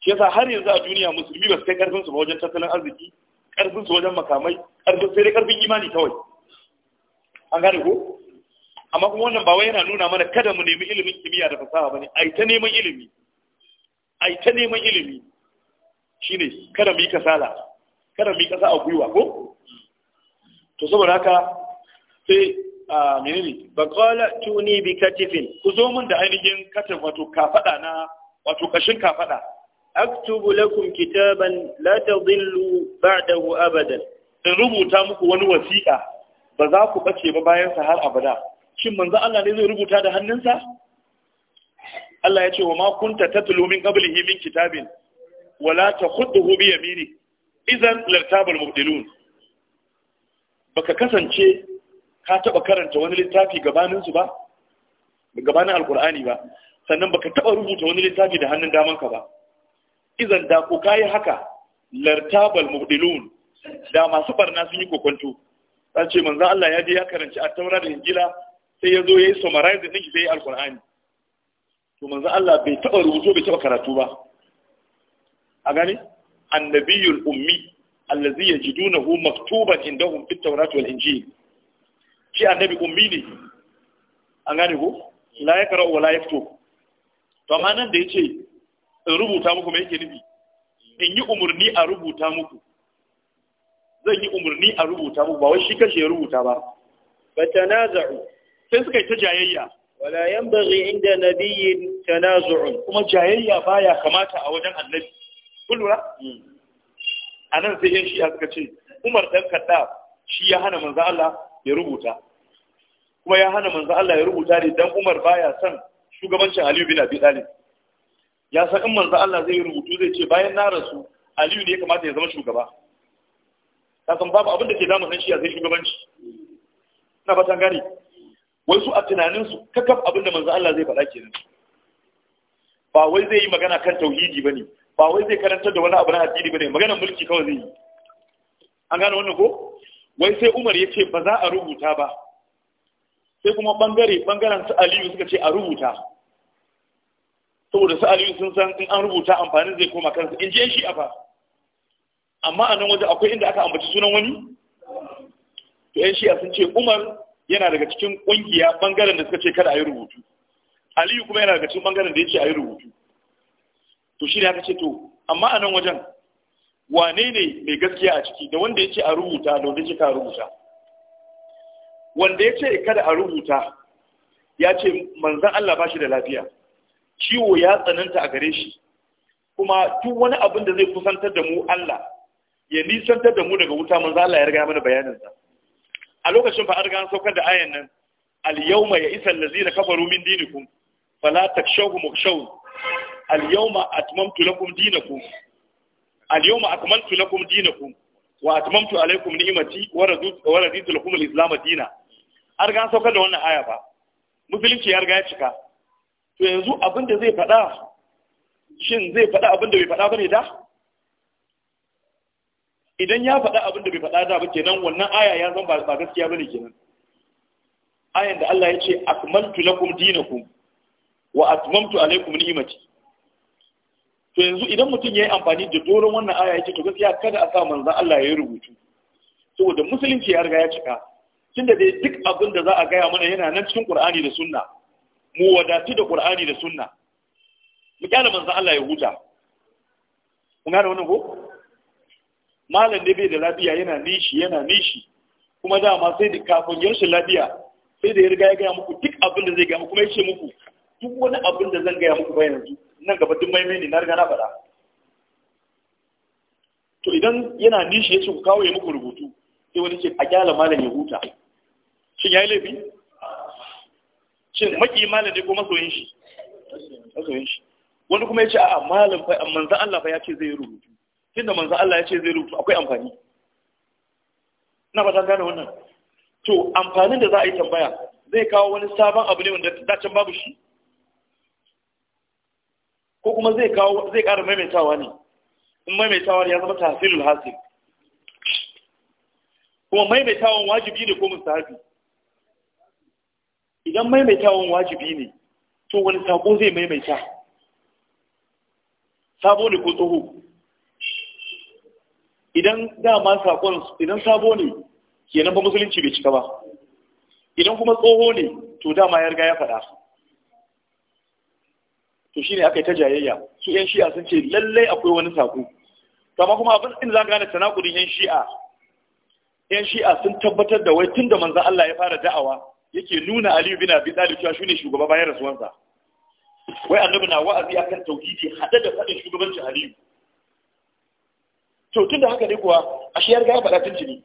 shi yasa har yanzu a duniya musulmi ba su kai karfin su ba wajen tattalin arziki karfin su wajen makamai karfin sai dai karfin imani kawai an gane ko amma kuma wannan ba wai yana nuna mana kada mu nemi ilimin kimiyya da fasaha bane ai ta neman ilimi ai ta neman ilimi shine kada mu yi kasala kada mu yi kasa a gwiwa ko to saboda haka sai a menene ba qala tuni bi katifin ku zo mun da ainihin katif wato kafada na wato kashin kafada aktubu lakum kitaban la tadhillu ba'dahu abadan in rubuta muku wani wasiƙa ba za ku ɓace ba bayan sa har abada shin manzo Allah ne zai rubuta da hannunsa Allah ya ce wa ma kunta tatlu min qablihi min kitabin wala takhuduhu bi yamini idan lartabul mubdilun baka kasance ka taba karanta wani littafi gabanin su ba gabanin alqur'ani ba sannan baka taba rubuta wani littafi da hannun daman ka ba idan da ku kai haka lartabul mubdilun da masu barna sun yi kokonto ta ce manzo Allah ya je ya karanci a taura da injila sai ya zo ya yi summarizing ɗin shi sai ya yi to manzo Allah bai taɓa rubutu bai taɓa karatu ba a gani annabiyul ummi allazi yajidunahu maktuban indahum fit tawrat wal injil shi annabi ummi ne an gane ko la yaqra wa la yaktub to amma nan da yace in rubuta muku me yake nufi in yi umurni a rubuta muku zan yi umarni a rubuta mu ba wai shi kashe ya rubuta ba fatanaza'u sai suka yi ta jayayya wala yanbaghi inda nabiyyin tanazu'un kuma jayayya baya kamata a wajen annabi kullura hmm. anan sai yan ya suka ce Umar dan kadda shi ya hana manzo Allah ya rubuta kuma ya hana manzo Allah ya rubuta ne dan Umar baya son shugabancin Aliyu bin Abi Talib ya san in manzo Allah zai rubutu zai ce bayan na rasu Aliyu ne ya kamata ya zama shugaba kasan babu abin da ke damu san shi a zai shugabanci na fatan gane wai su a tunaninsu kakaf abin da manzo Allah zai faɗa kenan ba wai zai yi magana kan tauhidi bane ba wai zai karantar da wani abu na addini bane magana mulki kawai zai yi an gane wannan ko wai sai Umar ya ce ba za a rubuta ba sai kuma bangare bangaren su Aliyu suka ce a rubuta saboda su Aliyu sun san in an rubuta amfanin zai koma kansa in ji shi a fa amma a nan waje akwai inda aka ambaci sunan wani to yan shi'a sun ce umar yana daga cikin kungiya bangaren da suka ce kada a yi rubutu aliyu kuma yana daga cikin bangaren da ya ce a yi rubutu to shi ne aka ce to amma a nan wajen wane ne mai gaskiya a ciki da wanda ya ce a rubuta da wanda ya ce ka rubuta wanda ya ce kada a rubuta ya ce manzan Allah ba shi da lafiya ciwo ya tsananta a gare shi kuma duk wani abin da zai kusantar da mu Allah ya nisantar da mu daga wuta mun za Allah ya riga mana bayanin sa a lokacin fa an riga an saukar da ayan nan al yawma ya isa allazina kafaru min dinikum fala takshawhum wakshaw al yawma atmamtu lakum dinakum al yawma akmaltu lakum dinakum wa atmamtu alaykum ni'mati wa raditu wa raditu lakum al islam dina an riga an saukar da wannan aya fa musulunci ya riga ya cika to yanzu abinda zai faɗa shin zai faɗa abinda bai faɗa bane da idan ya faɗa abin da bai faɗa da ba kenan wannan aya ya zan ba gaskiya bane kenan ayan da Allah ya ce akmaltu lakum dinakum wa atmamtu alaykum ni'mati to yanzu idan mutum yayi amfani da doron wannan aya ya ce to gaskiya kada a sa manzon Allah ya rubutu saboda musulunci ya riga ya cika tunda dai duk abin da za a gaya mana yana nan cikin Qur'ani da Sunna mu wadatu da Qur'ani da Sunna mu kyale manzon Allah ya huta kun da wannan ko malam ne bai da lafiya yana nishi yana nishi kuma dama sai da kafin yin lafiya sai da ya riga ya gaya muku duk abin da zai gaya muku kuma ya ce muku duk wani abin da zan gaya muku ba yanzu nan gaba duk mai mai ne na riga na faɗa to idan yana nishi ya ce ku kawo ya muku rubutu sai wani ce a kyala malam ya huta shin ya yi laifi shin maki malam ne ko masoyin shi masoyin shi wani kuma ya ce a'a malam fa manzo Allah fa ya ce zai rubutu da manzo Allah ya ce zai rubutu akwai amfani ina ba ta gane wannan to amfanin da za a yi tambaya zai kawo wani sabon abu ne wanda dacin babu shi ko kuma zai kawo zai ƙara maimaitawa ne in maimaitawa ya zama tahsilul hasil kuma maimaitawan wajibi ne ko mustahabi idan maimaitawan wajibi ne to wani sabo zai maimaita sabo ne ko tsoho idan dama sakon idan sabo ne kenan ba musulunci bai cika ba idan kuma tsoho ne to dama ya riga ya faɗa to shine aka ta jayayya su yan shi'a sun ce lallai akwai wani sako to kuma abin din za gane tanakudin yan shi'a yan shi'a sun tabbatar da wai tunda manzo Allah ya fara da'awa yake nuna Ali bin Abi Talib cewa shine shugaba bayan rasuwansa wai annabi na wa'azi akan tauhidi hada da faɗin shugabancin Ali to tun da haka ne kuwa a shi yarga ya faɗa tun jini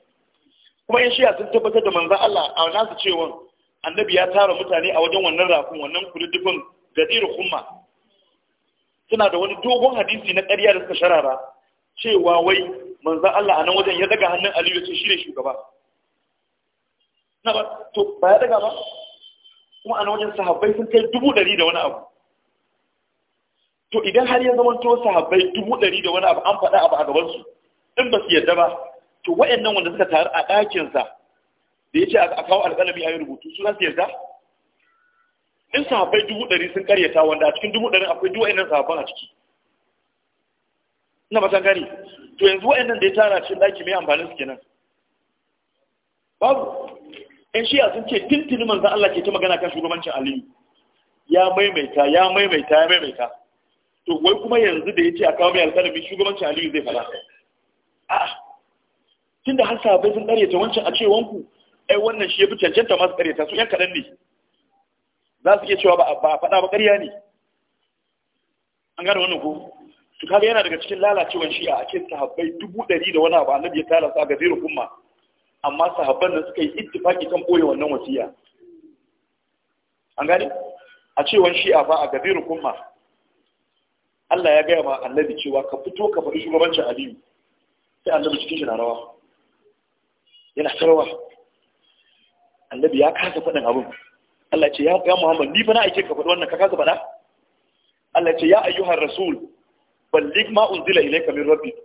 kuma in shiya sun tabbatar da manzan Allah a nasu cewa annabi ya tara mutane a wajen wannan rafin wannan kududdufin tsirin kuma suna da wani dogon hadisi na ƙarya da suka sharara cewa wai manzan Allah a nan wajen ya daga hannun Aliyu ya ce shi ne shugaba na ba to ba ya daga ba kuma a nan wajen sahabbai sun kai dubu ɗari da wani abu to idan har ya zama to sahabbai dubu ɗari da wani abu an faɗa abu a gabansu in ba su yadda ba to nan wanda suka taru a ɗakinsa da ya ce a kawo alƙalami a yi rubutu su za su In in sahabbai dubu ɗari sun karyata wanda a cikin dubu ɗari akwai duk wayannan sahabban a ciki ina ba san gani to yanzu nan da ya tara cikin ɗaki mai amfanin su kenan babu shi a sun ce tintini manzan Allah ke ta magana kan shugabancin Aliyu ya maimaita ya maimaita ya maimaita to wai kuma yanzu da ya ce a kawo mai alƙalami shugabancin Aliyu zai fara? tunda har sahabbai sun ta wancan a cewanku ai wannan shi ya fi cancanta masu karyata su yan kaɗan ne za su iya cewa ba a faɗa ba ƙarya ne an gane wannan ko to kaga yana daga cikin lalacewan shi'a a ce sahabbai dubu ɗari da wani abu annabi ya tara sa a zero umma amma sahabban nan suka yi ittifaki kan ɓoye wannan wasiya an gane a shi shi'a ba a gazirin umma Allah ya gaya ma annabi cewa ka fito ka faɗi shugabancin Aliyu sai annabi cikin shi na rawa yana sarwa annabi ya kasa faɗin abin Allah ce ya Muhammad ni fa na aike ka faɗi wannan ka kasa faɗa Allah ce ya ayyuhar rasul balligh ma unzila ilayka min rabbik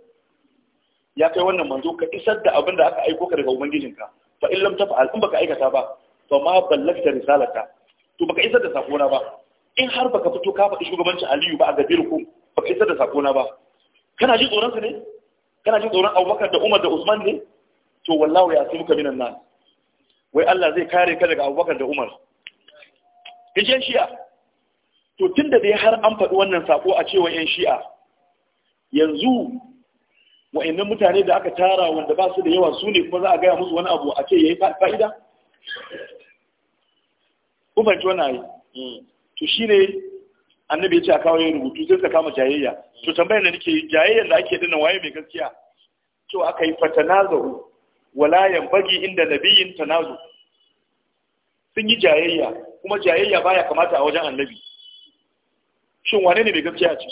ya kai wannan manzo ka isar da abin da aka aiko ka daga ubangijinka fa in lam tafa'al in baka aikata ba fa ma ballagta risalata to baka isar da sakona ba in har baka fito ka faɗi shugabancin Aliyu ba a gadir ku baka isar da sakona ba kana jin tsoron su ne kana jin tsoron Abubakar da Umar da Usman ne to wallahu ya sumuka minan nan wai Allah zai kare ka daga Abubakar da Umar kaje shi'a to tunda dai har an faɗi wannan sako a cewa yan shi'a yanzu wa'annan mutane da aka tara wanda ba su da yawa su ne kuma za a gaya musu wani abu a ce yayi fa'ida kun fahimci wannan ayi mm. to shine annabi ya ce a kawo yin rubutu sai ka kama jayayya to tambayar da nake jayayyan da ake dinnan waye mai gaskiya to aka yi fatanazahu wala bagi inda nabiyin tanazu sun yi jayayya kuma jayayya baya kamata a wajen annabi shin wane ne mai gaskiya ce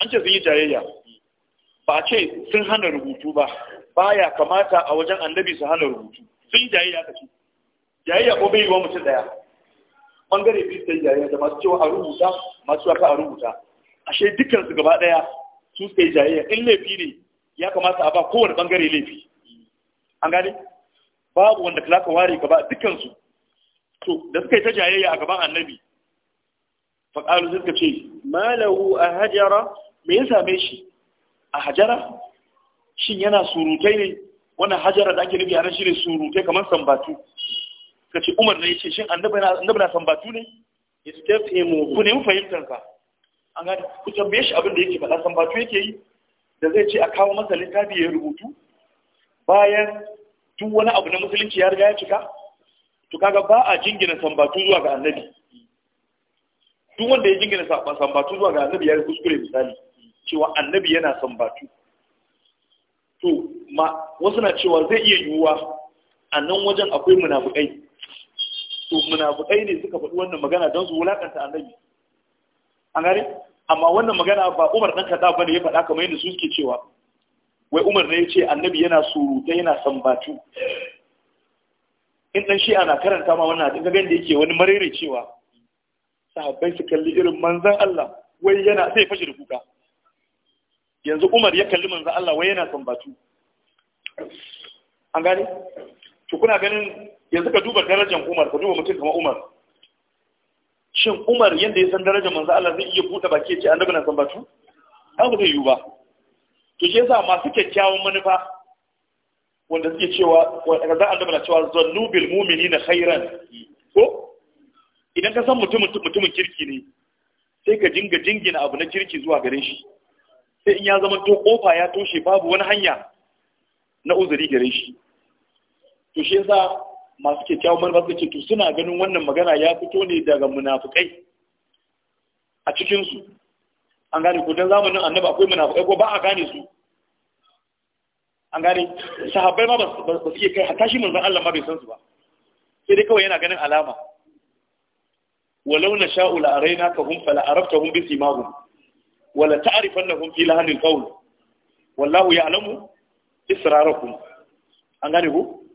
an ce sun yi jayayya ba ce sun hana rubutu ba baya kamata a wajen annabi su hana rubutu sun yi jayayya ka ce jayayya ko bai yi wa mutum daya bangare biyu sai jayayya da masu cewa a rubuta masu cewa ka a rubuta ashe dukkan su gaba daya su sai jayayya in laifi ne ya kamata a ba kowane bangare laifi an gane babu wanda ka zaka ware gaba dukansu to da suka yi ta jayayya a gaban annabi faƙalu suka ce malahu a hajara me ya same shi a hajara shin yana surutai ne wannan hajara da ake nufi a nan shi ne surutai kamar sambatu suka ce umar ne ya ce shin annabi na sambatu ne istafimu eh, ku nemi fahimtar ka an gani ku tambaye shi abin da yake faɗa sambatu yake yi da zai ce a kawo masa littafi ya rubutu bayan duk wani abu na musulunci ya riga ya cika to kaga ba a jingina sambatu zuwa ga annabi duk wanda ya jingina sambatu zuwa ga annabi ya yi kuskure misali cewa annabi yana sambatu to ma wasu na cewa zai iya yiwuwa a nan wajen akwai munafukai to munafukai ne suka faɗi wannan magana don su wulakanta annabi an gane amma wannan magana ba Umar ɗan kaɗa ba ne, ya faɗa kamar yadda su suke cewa wai Umar ne ya ce annabi yana surutu yana sambatu in ɗan shi'a na karanta ma wannan hadisi gaban da yake wani marere cewa sahabbai su kalli irin manzan Allah wai yana sai fashe da kuka yanzu Umar ya kalli manzan Allah wai yana sambatu an gane to kuna ganin yanzu ka duba darajar Umar ka duba mutum kamar Umar shin Umar yadda ya san darajar manzo Allah zai iya buɗe baki ce annabi na san batu an ba zai yiwu ba to shi yasa masu kyakkyawan manufa wanda suke cewa wanda za annabi na cewa zannu bil mu'minina khairan ko idan ka san mutumin kirki ne sai ka jinga jingina abu na kirki zuwa gare shi sai in ya zama to kofa ya toshe babu wani hanya na uzuri gare shi to shi yasa masu kyakkyawan manufa suka ce to suna ganin wannan magana ya fito ne daga munafukai a cikinsu an gane ko don zamanin annaba akwai munafukai ko ba a gane su an gane sahabbai ma ba su iya kai hatta shi manzon Allah ma bai san su ba sai dai kawai yana ganin alama walau na sha'u la araina ka hum fala araftahum bi simahum wala ta'rifannahum fi lahanil qawl wallahu ya'lamu israrakum an gane ko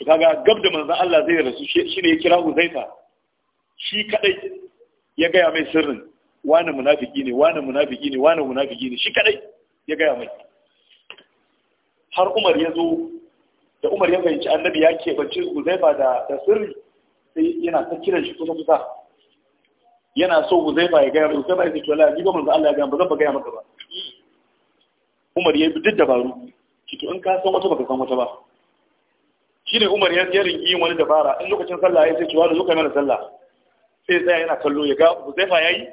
to kaga gab da manzon Allah zai rasu shi ne ya kira Uzaifa shi kadai ya gaya mai sirrin wani munafiki ne wani munafiki ne wani munafiki ne shi kadai ya gaya mai har Umar ya zo da Umar ya fahimci annabi ya ke keɓance Uzaifa da da sirri sai yana ta kiran shi kusa kusa yana so Uzaifa ya gaya mai Uzaifa ya ce to Allah ni ba manzon Allah ya gaya ba zan ba gaya maka ba Umar ya bi duk dabaru kito to in ka san wata baka san wata ba ne Umar ya yarin yin wani dabara in lokacin sallah ya sai cewa da zuka mana sallah sai tsaya yana kallo ya ga ya yi.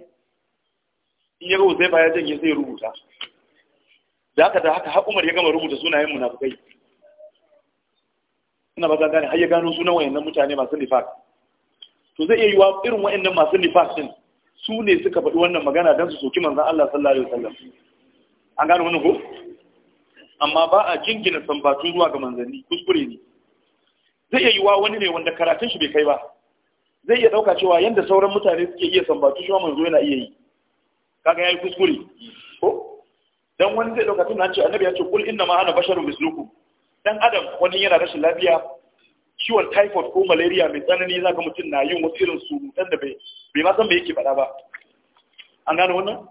in ya ga Uzaifa ya janye sai ya rubuta da haka da haka har Umar ya gama rubuta sunayen munafukai ina ba za gane har ya gano sunan wayannan mutane masu nifaq to zai iya yiwa irin wayannan masu nifaq din su ne suka faɗi wannan magana don su soki manzan Allah sallallahu alaihi wasallam an gano wani ko amma ba a jingina sambatu zuwa ga manzanni kuskure ne zai iya yiwa wani ne wanda karatun shi bai kai ba zai iya dauka cewa yanda sauran mutane suke iya sambatu shi manzo yana iya yi kaga yayi kuskure ko dan wani zai dauka tunan ce annabi ya ce kul inna ma ana basharun mislukum dan adam wani yana rashin lafiya ciwon typhoid ko malaria mai tsanani zaka mutun na yin wasu irin su dan da bai bai ma san me yake faɗa ba an gane wannan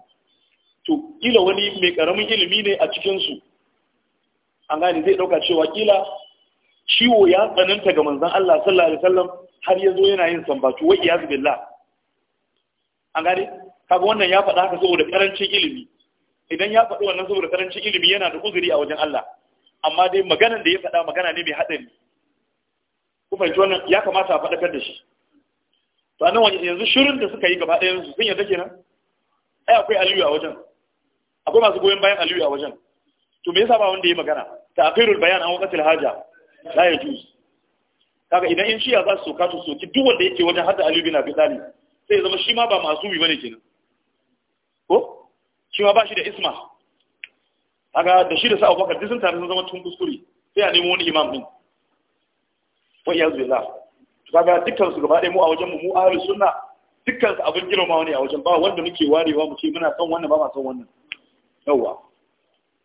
to kila wani mai karamin ilimi ne a cikin su an gane zai dauka cewa kila ciwo ya tsananta ga manzon Allah sallallahu alaihi wasallam har yazo yana yin sambatu wa iyaz billah an gane kaga wannan ya faɗa haka saboda karancin ilimi idan ya faɗi wannan saboda karancin ilimi yana da uzuri a wajen Allah amma dai maganan da ya faɗa magana ne mai haɗari ku fahimci wannan ya kamata a faɗakar da shi to anan wani yanzu shirin da suka yi gaba ɗaya su sun yarda kenan ai akwai aliyu a wajen akwai masu goyon bayan aliyu a wajen to me yasa ba wanda ya magana ta akhirul bayan an waqatil haja la ya juz kaga idan in shiya za su soka su soki duk wanda yake wajen hadda Ali bin Abi Talib sai zama shi ma ba masubi bane kenan ko shi ma ba shi da isma kaga da shi da sa Abubakar duk sun tare sun zama tun kuskure sai a nemo wani imam din wa iyaz billah kaga dukkan su gaba ɗaya mu a wajen mu mu ahlus sunna dukkan su abin girma wani a wajen ba wanda muke warewa mu ce muna son wannan ba ma son wannan yawa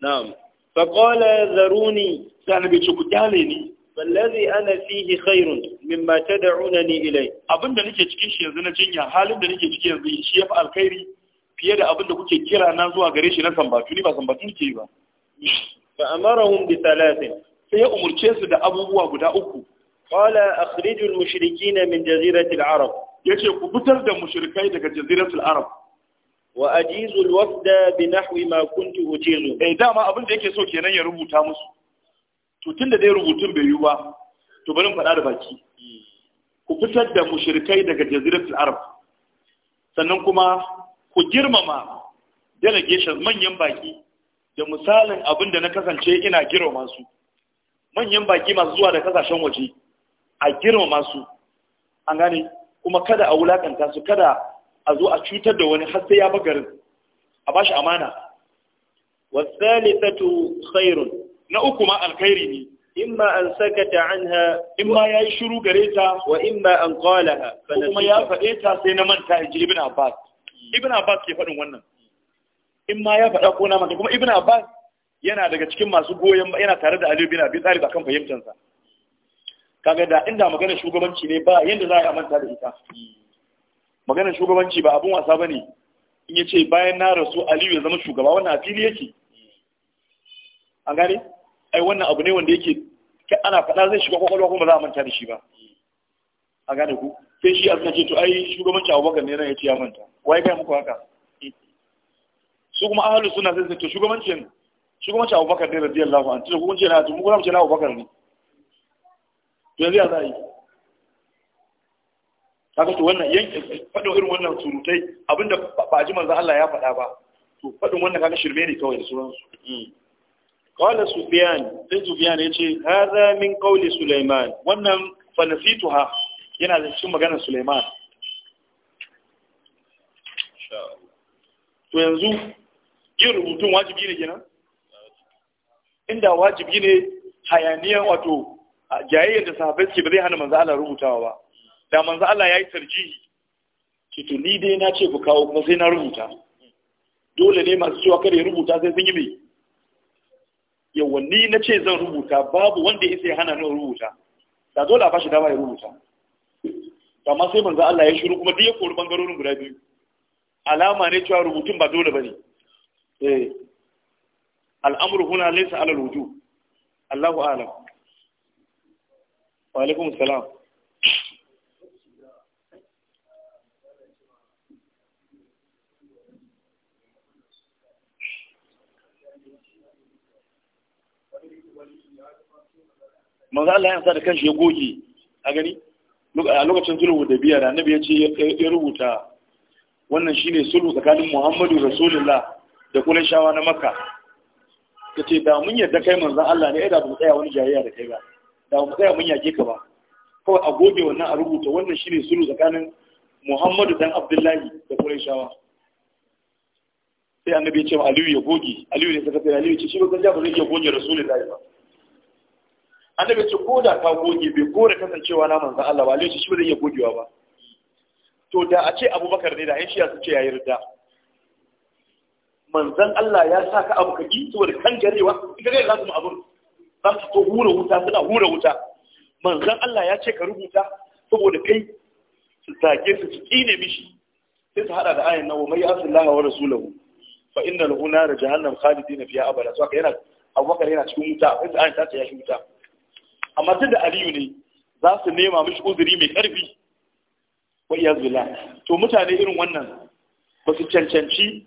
na'am فقال ya zaru ni فالذي انا فيه خير مما تدعونني اليه ana fihi khairun ilai nake cikin shi yanzu na jinya halin da nake ciki yanzu shi yafi alkhairi fiye da abin da kuke kira na zuwa gare shi na sambatu ni ba sambatu nake yi ba fa amarahum bi thalathin fa ya umurce su da abubuwa guda uku qala akhrijul mushrikeena min jaziratil arab yace ku fitar da mushrikai daga jaziratul arab wa ajizul wafda bi nahwi ma kuntu ujizu eh dama abin da yake so kenan ya rubuta musu to tunda dai rubutun bai yi ba to bari mu faɗa da baki ku fitar da mushrikai daga jaziratul arab sannan kuma ku girmama delegation manyan baki da misalin abin da na kasance ina girmama su manyan baki masu zuwa da kasashen waje a girmama su an gane kuma kada a wulakanta su kada a zo a cutar da wani har sai ya bagarin a ba shi amana wasalitatu khairun na uku ma alkhairi ne imma an sakata anha imma yayi shiru gare ta wa imma an qalaha kuma ya fade ta sai na manta ji ibn abbas ibn abbas ke faɗin wannan imma ya fada ko na manta kuma ibn abbas yana daga cikin masu goyon yana tare da aliyu bin abi talib akan fahimtansa kaga da inda magana shugabanci ne ba yanda za a manta da ita maganar shugabanci ba abun wasa bane in yace bayan na rasu Aliyu ya zama shugaba wannan a fili yake an gane ai wannan abu ne wanda yake ana faɗa zai shiga kwakwalwa kuma za a manta da shi ba a gane ku sai shi azna ce to ai shugabanci abubakar ne nan ya ce ya manta wai kai muku haka su kuma ahalu suna sai zai shugabanci shugabancin shugabancin abubakar ne radiyallahu anhu kuma hukunci na to mu kuma ce na abubakar ne to yanzu ya za a yi kaga to wannan yanke faɗin irin wannan surutai abinda ba ji manzo Allah ya faɗa ba to faɗin wannan kaga shirme ne kawai da sauransu mm. qala sufyan sai sufyan yace hadha min qawli sulaiman wannan fa nasituha yana da cikin maganar sulaiman to yanzu yin rubutun wajibi ne kenan inda wajibi ne hayaniyan wato jayayyar da sahabbai ke ba zai hana manzo Allah rubutawa ba da manzo Allah ya yi tarjihi ki to ni dai na ce ku kawo kuma sai na rubuta dole ne masu cewa kada ya rubuta sai sun yi mai yawa ni na ce zan rubuta babu wanda ya sai hana ni rubuta da dole a bashi dama ya rubuta amma sai manzo Allah ya shiru kuma duk ya kori bangarorin guda biyu alama ne cewa rubutun ba dole bane eh al'amru huna laysa ala wujub Allahu a'lam wa alaikum salam manzo Allah ya sa da kanshi ya goge a gani a lokacin sulhu da biyar annabi ya ce ya rubuta wannan shine sulhu tsakanin Muhammadu Rasulullah da Qurayshawa na Makka kace da mun yadda kai manzo Allah ne da mu tsaya wani jayayya da kai ba da mu tsaya mun yake ka ba kawai a goge wannan a rubuta wannan shine sulhu tsakanin Muhammadu dan Abdullahi da Qurayshawa sai annabi ya ce Aliyu ya goge Aliyu ne saka sai Aliyu ce shi ba zan ja ba zai iya goge Rasulullahi ba annabi ce ko da ka goge bai kore kasancewa na manzan Allah ba laishi shi ba zai iya gogewa ba to da a ce abubakar ne da yan shiya su ce yayi rida manzan Allah ya sa ka abu kaki saboda kan jarewa ita kai za su mu abun za su to hura wuta suna hura wuta manzan Allah ya ce ka rubuta saboda kai su zage su su kine mishi sai su hada da ayin nawa mai asillaha wa rasulahu fa inna lahu nar jahannam khalidina fiha abada so yana abubakar yana cikin wuta sai ayin ta ce ya shi wuta amma da aliyu ne za su nema mishi uzuri mai karfi wa iya zula to mutane irin wannan ba su cancanci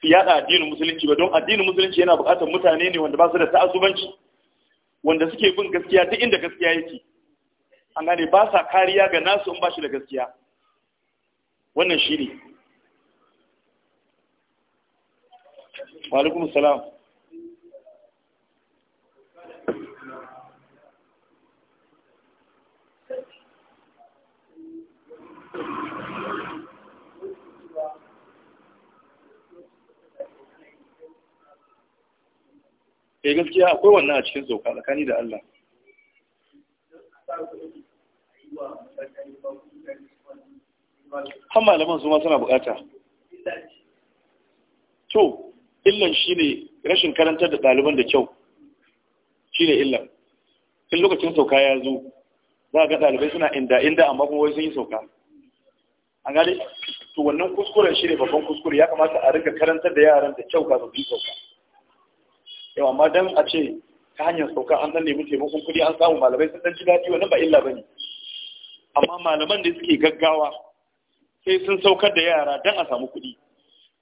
su yada addinin musulunci ba don addinin musulunci yana buƙatar mutane ne wanda ba su da ta'assubanci wanda suke bin gaskiya duk inda gaskiya yake an gane ba sa kariya ga nasu in ba shi da gaskiya wannan shi ne. eh gaskiya akwai wannan a cikin sauka tsakani da Allah har malaman su ma suna bukata to illan shine rashin karantar da ɗaliban da kyau shine illan in lokacin sauka ya zo za ga ɗalibai suna inda inda amma kuma wai sun yi sauka an gane to wannan kuskuren shi ne babban kuskure ya kamata a rinka karantar da yaran da kyau kafin su yi sauka yawa amma dan a ce ta hanyar sauka an dan nemi taimakon kuɗi an samu malamai sun dan ji daɗi wannan ba illa bane amma malaman da suke gaggawa sai sun saukar da yara dan a samu kuɗi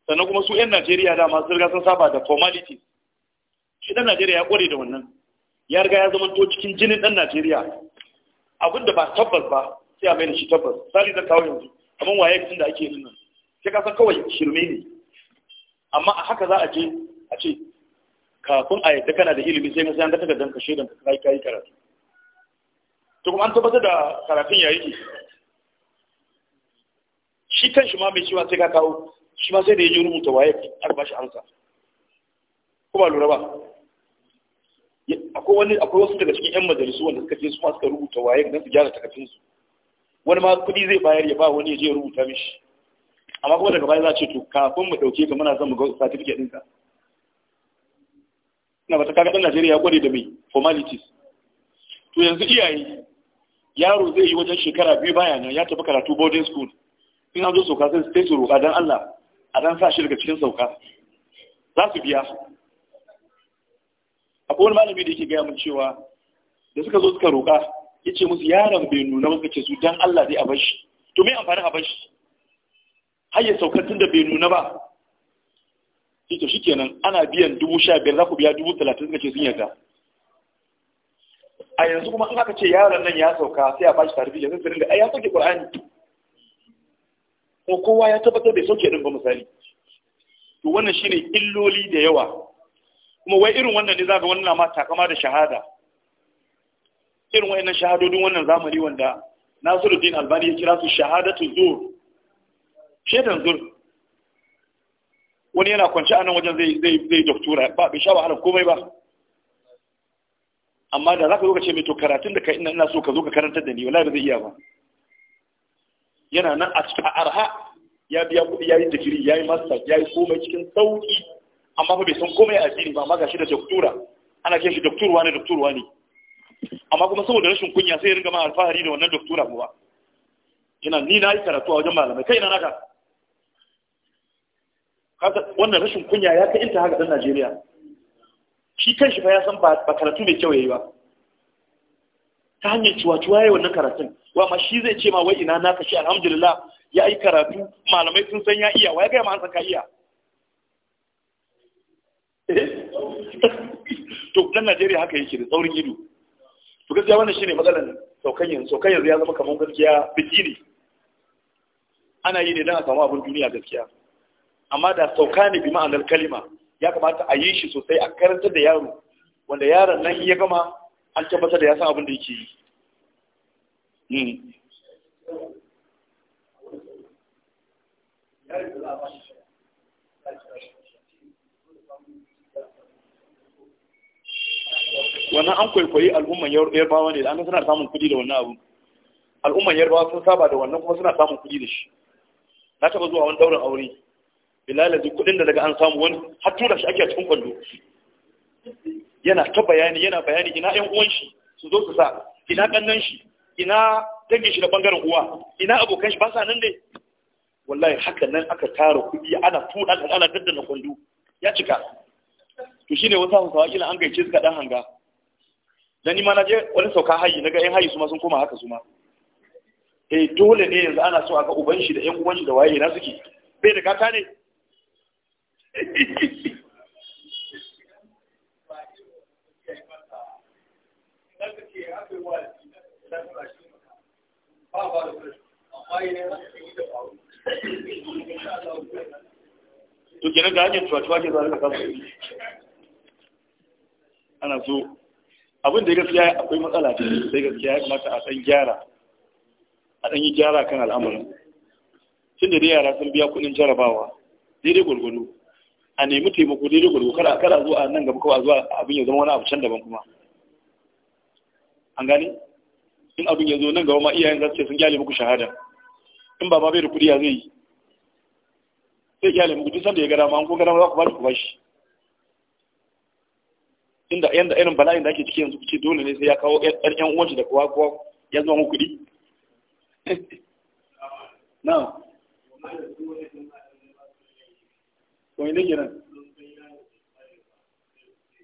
sannan kuma su 'yan Najeriya da sun riga sun saba da formalities shi dan Najeriya ya kware da wannan ya riga ya zama to cikin jinin dan Najeriya abinda ba tabbas ba sai a mai shi tabbas sali da kawo yanzu amma waye kin da ake yin nan sai ka san kawai shirme ne amma a haka za a je a ce kafin a yadda kana da ilimi sai ka san ta danka shaidan ka kai kai karatu to kuma an tabbatar da karatun yayi shi kan shi ma mai ciwa sai ka kawo shi ma sai da yaje rubuta waye ba shi amsa ko ba lura ba akwai wani akwai wasu daga cikin yan majalisu wanda suka ce su ma suka rubuta waye dan su gyara takardun su wani ma kudi zai bayar ya ba wani ya je rubuta mishi amma kuma daga baya za a ce to kafin mu dauke ka muna son mu ga certificate ɗinka ina ba ta kaga ɗan Najeriya ya kware da mai formalities to yanzu iyaye yaro zai yi wajen shekara biyu baya nan ya tafi karatu boarding school in an zo sauka sai sai su roƙa dan Allah a dan sa shi daga cikin sauka za su biya akwai wani malami da yake gaya min cewa da suka zo suka roƙa ya ce musu yaron bai nuna ba ce su dan Allah dai a bar shi to me amfani a bar shi har ya sauka tun da bai nuna ba sai eh, shi kenan ana biyan dubu sha biyar za ku biya dubu talatin suka ce sun yarda a yanzu kuma an aka ce yaron nan ya sauka sai a bashi tarihi yanzu sirin da ai ya sauke qur'ani ko kowa ya tabbatar bai sauke din ba misali to wannan shine illoli da yawa kuma wai irin wannan ne zaka wannan ma takama da shahada irin wayannan shahadodin wannan zamani wanda Nasiruddin Albani ya kira su shahadatu zur shedan zur wani yana kwanci a nan wajen zai doktora ba bai sha wahalar komai ba amma da za ka zo ka ce mai to karatun da ka ina ina so ka zo ka karanta da ni wala ba zai iya ba yana nan a arha ya biya kuɗi ya yi digiri ya yi masta ya yi komai cikin sauƙi amma ba bai san komai a addini ba amma gashi da doktora ana kai shi doktorwa ne doktorwa ne amma kuma saboda rashin kunya sai ya ringa ma alfahari da wannan doktora kuma yana ni na yi karatu a wajen malamai kai ina naka wannan rashin kunya ya ka inta haka ɗan Najeriya shi kan shi fa ya san ba karatu mai kyau yayi ba ta hanyar ciwa-ciwa ya yi wannan karatun wa ma shi zai ce ma wai ina naka shi alhamdulillah ya yi karatu malamai sun san ya iya wa ya gaya ma an san ka iya eh? to dan Najeriya haka yake da tsaurin ido to gaskiya wannan shine matsalar saukan yanzu saukan yanzu ya zama kamar gaskiya biki ne ana yi ne dan a samu abin duniya gaskiya amma da sauka ne bi ma'anar kalima ya kamata a yi shi sosai a karanta da yaro wanda yaron nan ya gama an tabbatar da ya san abin da yake yi hmm. wannan an kwaikwayi al'umman yarbawa ne da an suna samun kudi da wannan abu al'umman yarbawa sun saba da wannan kuma suna samun kudi da shi na taba zuwa wani daurin aure bilalazi kudin da daga an samu wani har tura shi ake a cikin kwallo yana ta bayani yana bayani ina yan uwan shi su zo su sa ina kannan shi ina dangin shi da bangaren uwa ina abokan shi ba sa nan ne wallahi haka nan aka tara kudi ana tura ana daddana kwallo ya cika to shine wasu hausawa kila an gaice su kaɗan hanga dan ma na je wani sauka hayi naga yan hayi su ma sun koma haka su ma eh dole ne yanzu ana so aka uban shi da yan uwan shi da waye na suke bai da gata ne to kenan da hanyar tuwa cuwa ke zarar da yi. ana so abin da gaskiya akwai matsala ce sai gaskiya ya kamata a ɗan gyara a ɗan yi gyara kan al'amuran. tun da dai yara sun biya kuɗin jarabawa daidai gwargwado a nemi taimako daidai gwargo kada kada zuwa nan gaba kawai zuwa abin ya zama wani abu can daban kuma an gane in abin ya zo nan gaba ma iyayen za su ce sun gyale muku shahada in ba ma bai da kuɗi ya zai yi sai gyale muku duk sanda ya gara ma an ko gara ma za ku ba ku ba shi inda yanda irin bala'in da ake ciki yanzu ku ce dole ne sai ya kawo yan ƴan uwan shi da kowa kowa ya zama kuɗi na wani ne kenan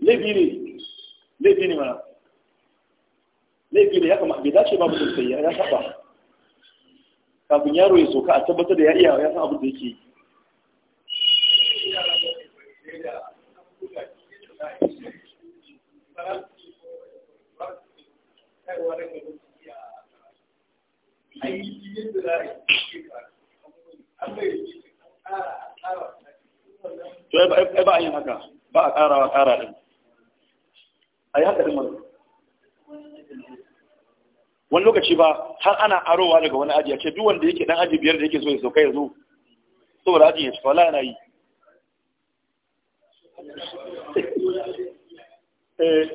laifi ne laifi ne mana ya kama bai dace ba mutum sai ya saba kafin yaro ya soka a tabbatar da ya iya ya san abin da yake Ayi, to ai ba a yin haka ba a ƙarawa ƙara din. a yi haka ɗin mana wani lokaci ba har ana arowa daga wani aji a ce duk wanda yake ɗan aji biyar da yake so ya sauka ya zo saboda aji ya ci wala yana yi eh.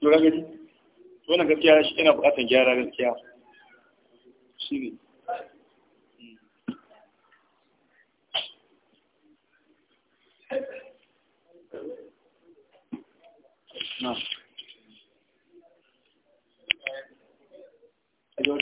Yo ganin wannan gaskiya shi yana bukatar gyara gaskiya shi ne hmm. na